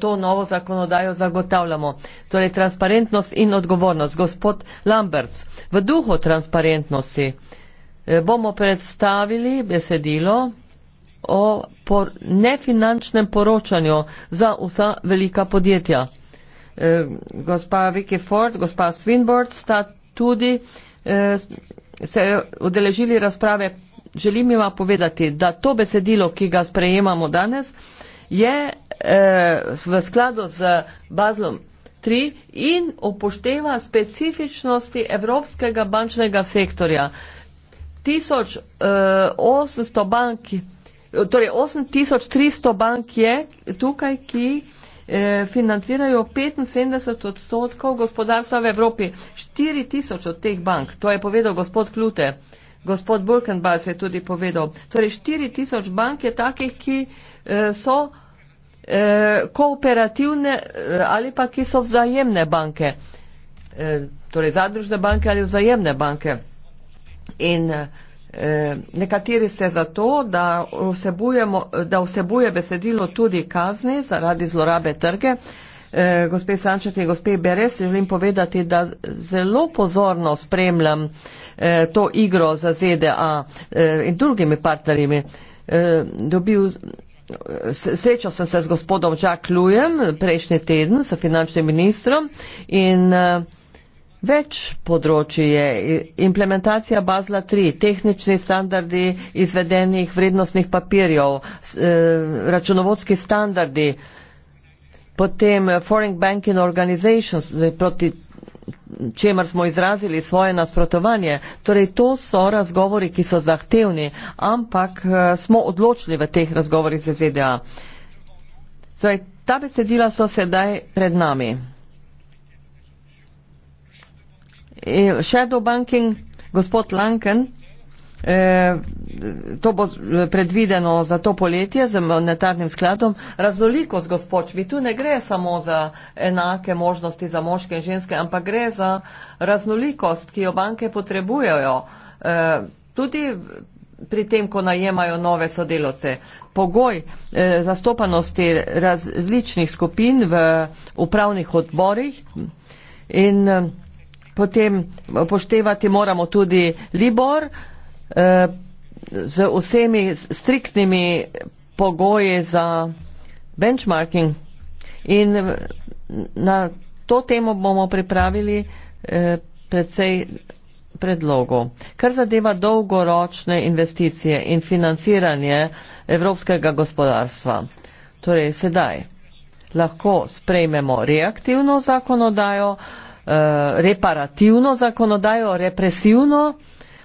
to novo zakonodajo zagotavljamo. Torej, transparentnost in odgovornost. Gospod Lamberts, v duhu transparentnosti bomo predstavili besedilo, o por, nefinančnem poročanju za vsa velika podjetja. E, gospa Vicky Ford, gospa Swinboard sta tudi e, se odeležili razprave. Želim jima povedati, da to besedilo, ki ga sprejemamo danes, je e, v skladu z bazlom in upošteva specifičnosti Evropskega bančnega sektorja. 1800 e, bank torej 8300 bank je tukaj, ki eh, financirajo 75 odstotkov gospodarstva v Evropi. 4000 od teh bank, to je povedal gospod Klute, gospod Burkenbass je tudi povedal. Torej 4000 bank je takih, ki eh, so eh, kooperativne eh, ali pa ki so vzajemne banke. Eh, torej zadružne banke ali vzajemne banke. In, eh, Eh, nekateri ste za to, da, da vsebuje besedilo tudi kazni zaradi zlorabe trge. Eh, gospe Sančet in gospe Beres, želim povedati, da zelo pozorno spremljam eh, to igro za ZDA in drugimi partnerimi. Dobil, srečal sem se z gospodom Jack Lujem prejšnji teden, s finančnim ministrom in Več področji je implementacija Bazla 3, tehnični standardi izvedenih vrednostnih papirjev, eh, računovodski standardi, potem Foreign Banking Organizations, proti čemer smo izrazili svoje nasprotovanje. Torej, to so razgovori, ki so zahtevni, ampak eh, smo odločili v teh razgovorih z ZDA. Torej, ta besedila so sedaj pred nami. Eh, shadow banking, gospod Lanken, eh, to bo eh, predvideno za to poletje z monetarnim skladom. Razlikost, gospod, vi tu ne gre samo za enake možnosti za moške in ženske, ampak gre za raznolikost, ki jo banke potrebujejo. Tudi pri tem, ko najemajo nove sodelovce. Pogoj zastopanosti različnih skupin v upravnih odborih in potem upoštevati moramo tudi Libor eh, z vsemi striktnimi pogoji za benchmarking. In na to temo bomo pripravili eh, predvsej predlogov. Kar zadeva dolgoročne investicije in financiranje evropskega gospodarstva. Torej sedaj lahko sprejmemo reaktivno zakonodajo, Eh, reparativno zakonodajo, represivno,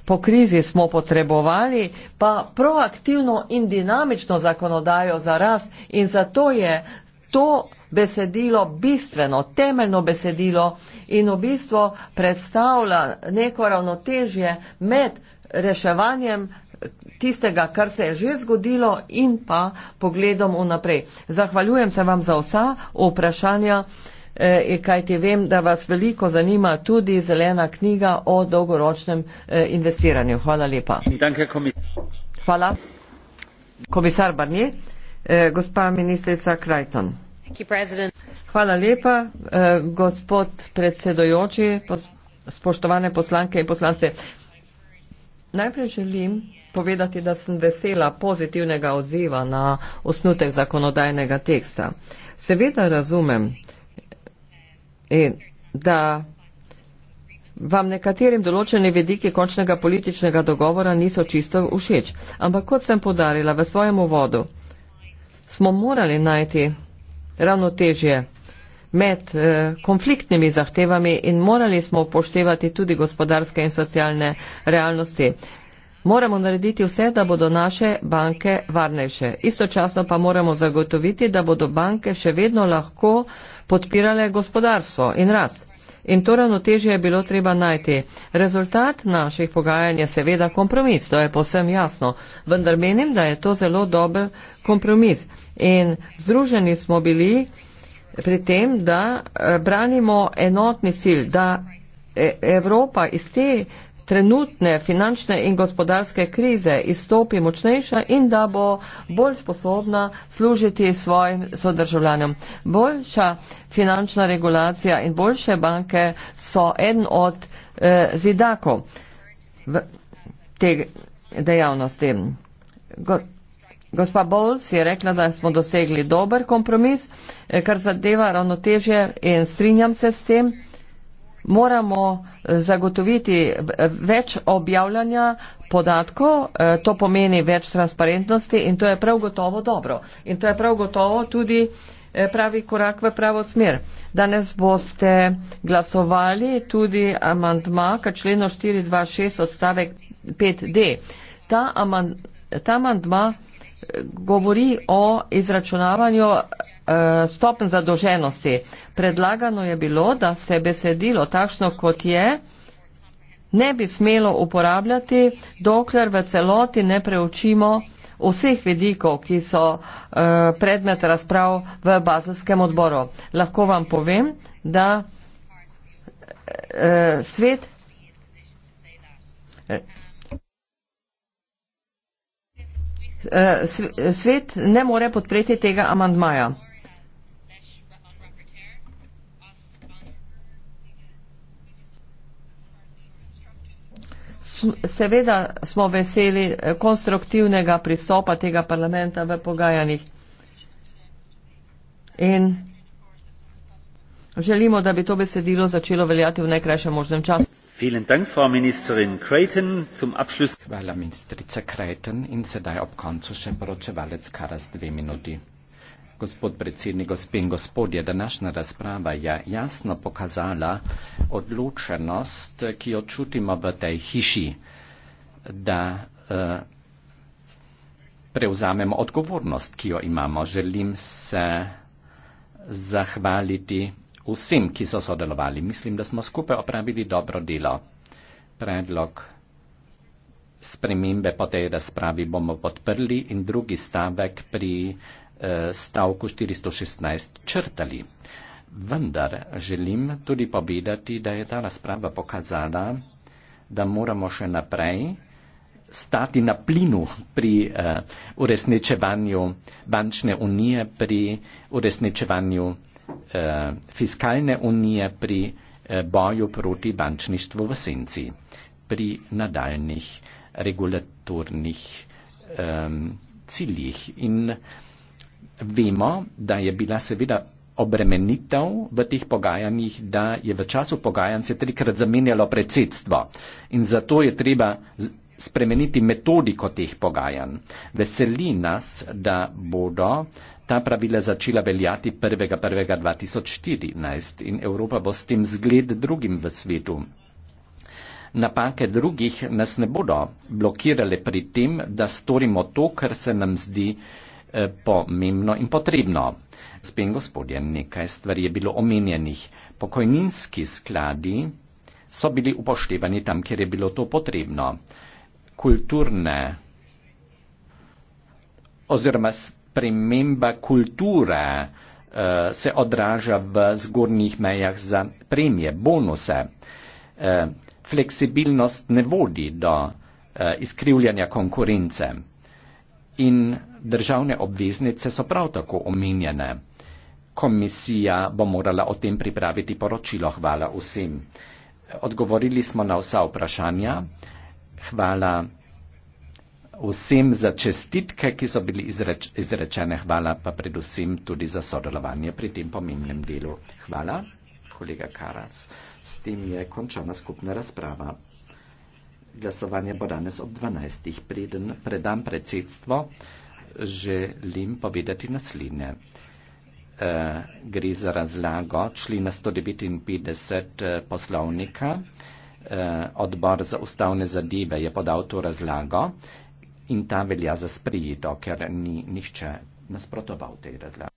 po krizi smo potrebovali, pa proaktivno in dinamično zakonodajo za rast in zato je to besedilo bistveno, temeljno besedilo in v bistvu predstavlja neko ravnotežje med reševanjem tistega, kar se je že zgodilo in pa pogledom vnaprej. Zahvaljujem se vam za vsa vprašanja. E, kaj ti vem, da vas veliko zanima tudi zelena knjiga o dolgoročnem e, investiranju. Hvala lepa. Hvala. Komisar Barnier, e, gospa ministrica Krajton. Hvala lepa, gospod predsedojoči, spoštovane poslanke in poslance. Najprej želim povedati, da sem vesela pozitivnega odziva na osnutek zakonodajnega teksta. Seveda razumem, E, da vam nekaterim določene vedike končnega političnega dogovora niso čisto všeč. Ampak kot sem podarila v svojem uvodu, smo morali najti ravnotežje med e, konfliktnimi zahtevami in morali smo upoštevati tudi gospodarske in socialne realnosti. Moramo narediti vse, da bodo naše banke varnejše. Istočasno pa moramo zagotoviti, da bodo banke še vedno lahko podpirale gospodarstvo in rast. In to ravnotežje je bilo treba najti. Rezultat naših pogajanj je seveda kompromis, to je posem jasno. Vendar menim, da je to zelo dober kompromis. In združeni smo bili pri tem, da eh, branimo enotni cilj, da eh, Evropa iz te trenutne finančne in gospodarske krize izstopi močnejša in da bo bolj sposobna služiti svojim sodržavljanjem. Boljša finančna regulacija in boljše banke so en od eh, zidakov v te dejavnosti. Go Gospa Bowles je rekla, da smo dosegli dober kompromis, eh, kar zadeva ravnotežje in strinjam se s tem moramo eh, zagotoviti eh, več objavljanja podatkov, eh, to pomeni več transparentnosti in to je prav gotovo dobro. In to je prav gotovo tudi pravi korak v pravo smer. Danes boste glasovali tudi amantma k členu 426 odstavek 5D. Ta amantma aman govori o izračunavanju eh, stopen zadolženosti. Predlagano je bilo, da se besedilo takšno, kot je, ne bi smelo uporabljati, dokler v celoti ne preučimo vseh vidikov, ki so eh, predmet razprav v bazenskem odboru. Lahko vam povem, da eh, svet Eh, svet ne more podpreti tega amandmaja. Seveda smo veseli eh, konstruktivnega pristopa tega parlamenta v pogajanjih in želimo, da bi to besedilo začelo veljati v najkrajšem možnem času. Hvala ministrica Creighton in sedaj ob koncu še poročevalec Karas dve minuti. Gospod predsednik, gospe in gospodje, današnja razprava je jasno pokazala odločenost, ki jo čutimo v tej hiši, da eh, prevzamemo odgovornost, ki jo imamo. Želim se zahvaliti vsem, ki so sodelovali. Mislim, da smo skupaj opravili dobro delo. Predlog spremembe po tej razpravi bomo podprli in drugi stavek pri eh, stavku 416 črtali. Vendar želim tudi povedati, da je ta razprava pokazala, da moramo še naprej stati na plinu pri uh, uresničevanju bančne unije, pri uresničevanju eh, fiskalne unije pri eh, boju proti bančništvu v senci, pri nadaljnih regulatornih eh, ciljih. In vemo, da je bila seveda obremenitev v teh pogajanjih, da je v času pogajanj se trikrat zamenjalo predsedstvo in zato je treba spremeniti metodiko teh pogajanj. Veseli nas, da bodo ta pravila začela veljati 1.1.2014 in Evropa bo s tem zgled drugim v svetu. Napake drugih nas ne bodo blokirale pri tem, da storimo to, kar se nam zdi eh, pomembno in potrebno. Spen gospodje, nekaj stvari je bilo omenjenih. Pokojninski skladi so bili upoštevani tam, kjer je bilo to potrebno. Kulturne oziroma sprememba kulture eh, se odraža v zgornjih mejah za premije, bonuse. Eh, fleksibilnost ne vodi do eh, izkrivljanja konkurence in državne obveznice so prav tako omenjene. Komisija bo morala o tem pripraviti poročilo. Hvala vsem. Odgovorili smo na vsa vprašanja. Hvala vsem za čestitke, ki so bili izreč, izrečene. Hvala pa predvsem tudi za sodelovanje pri tem pomembnem delu. Hvala, kolega Karas. S tem je končana skupna razprava. Glasovanje bo danes ob 12. Preden predam predsedstvo, želim povedati naslednje. E, gre za razlago člena 159 eh, poslovnika. E, odbor za ustavne zadeve je podal to razlago in ta velja za sprejeto, ker ni nihče nasprotoval tej razlagi.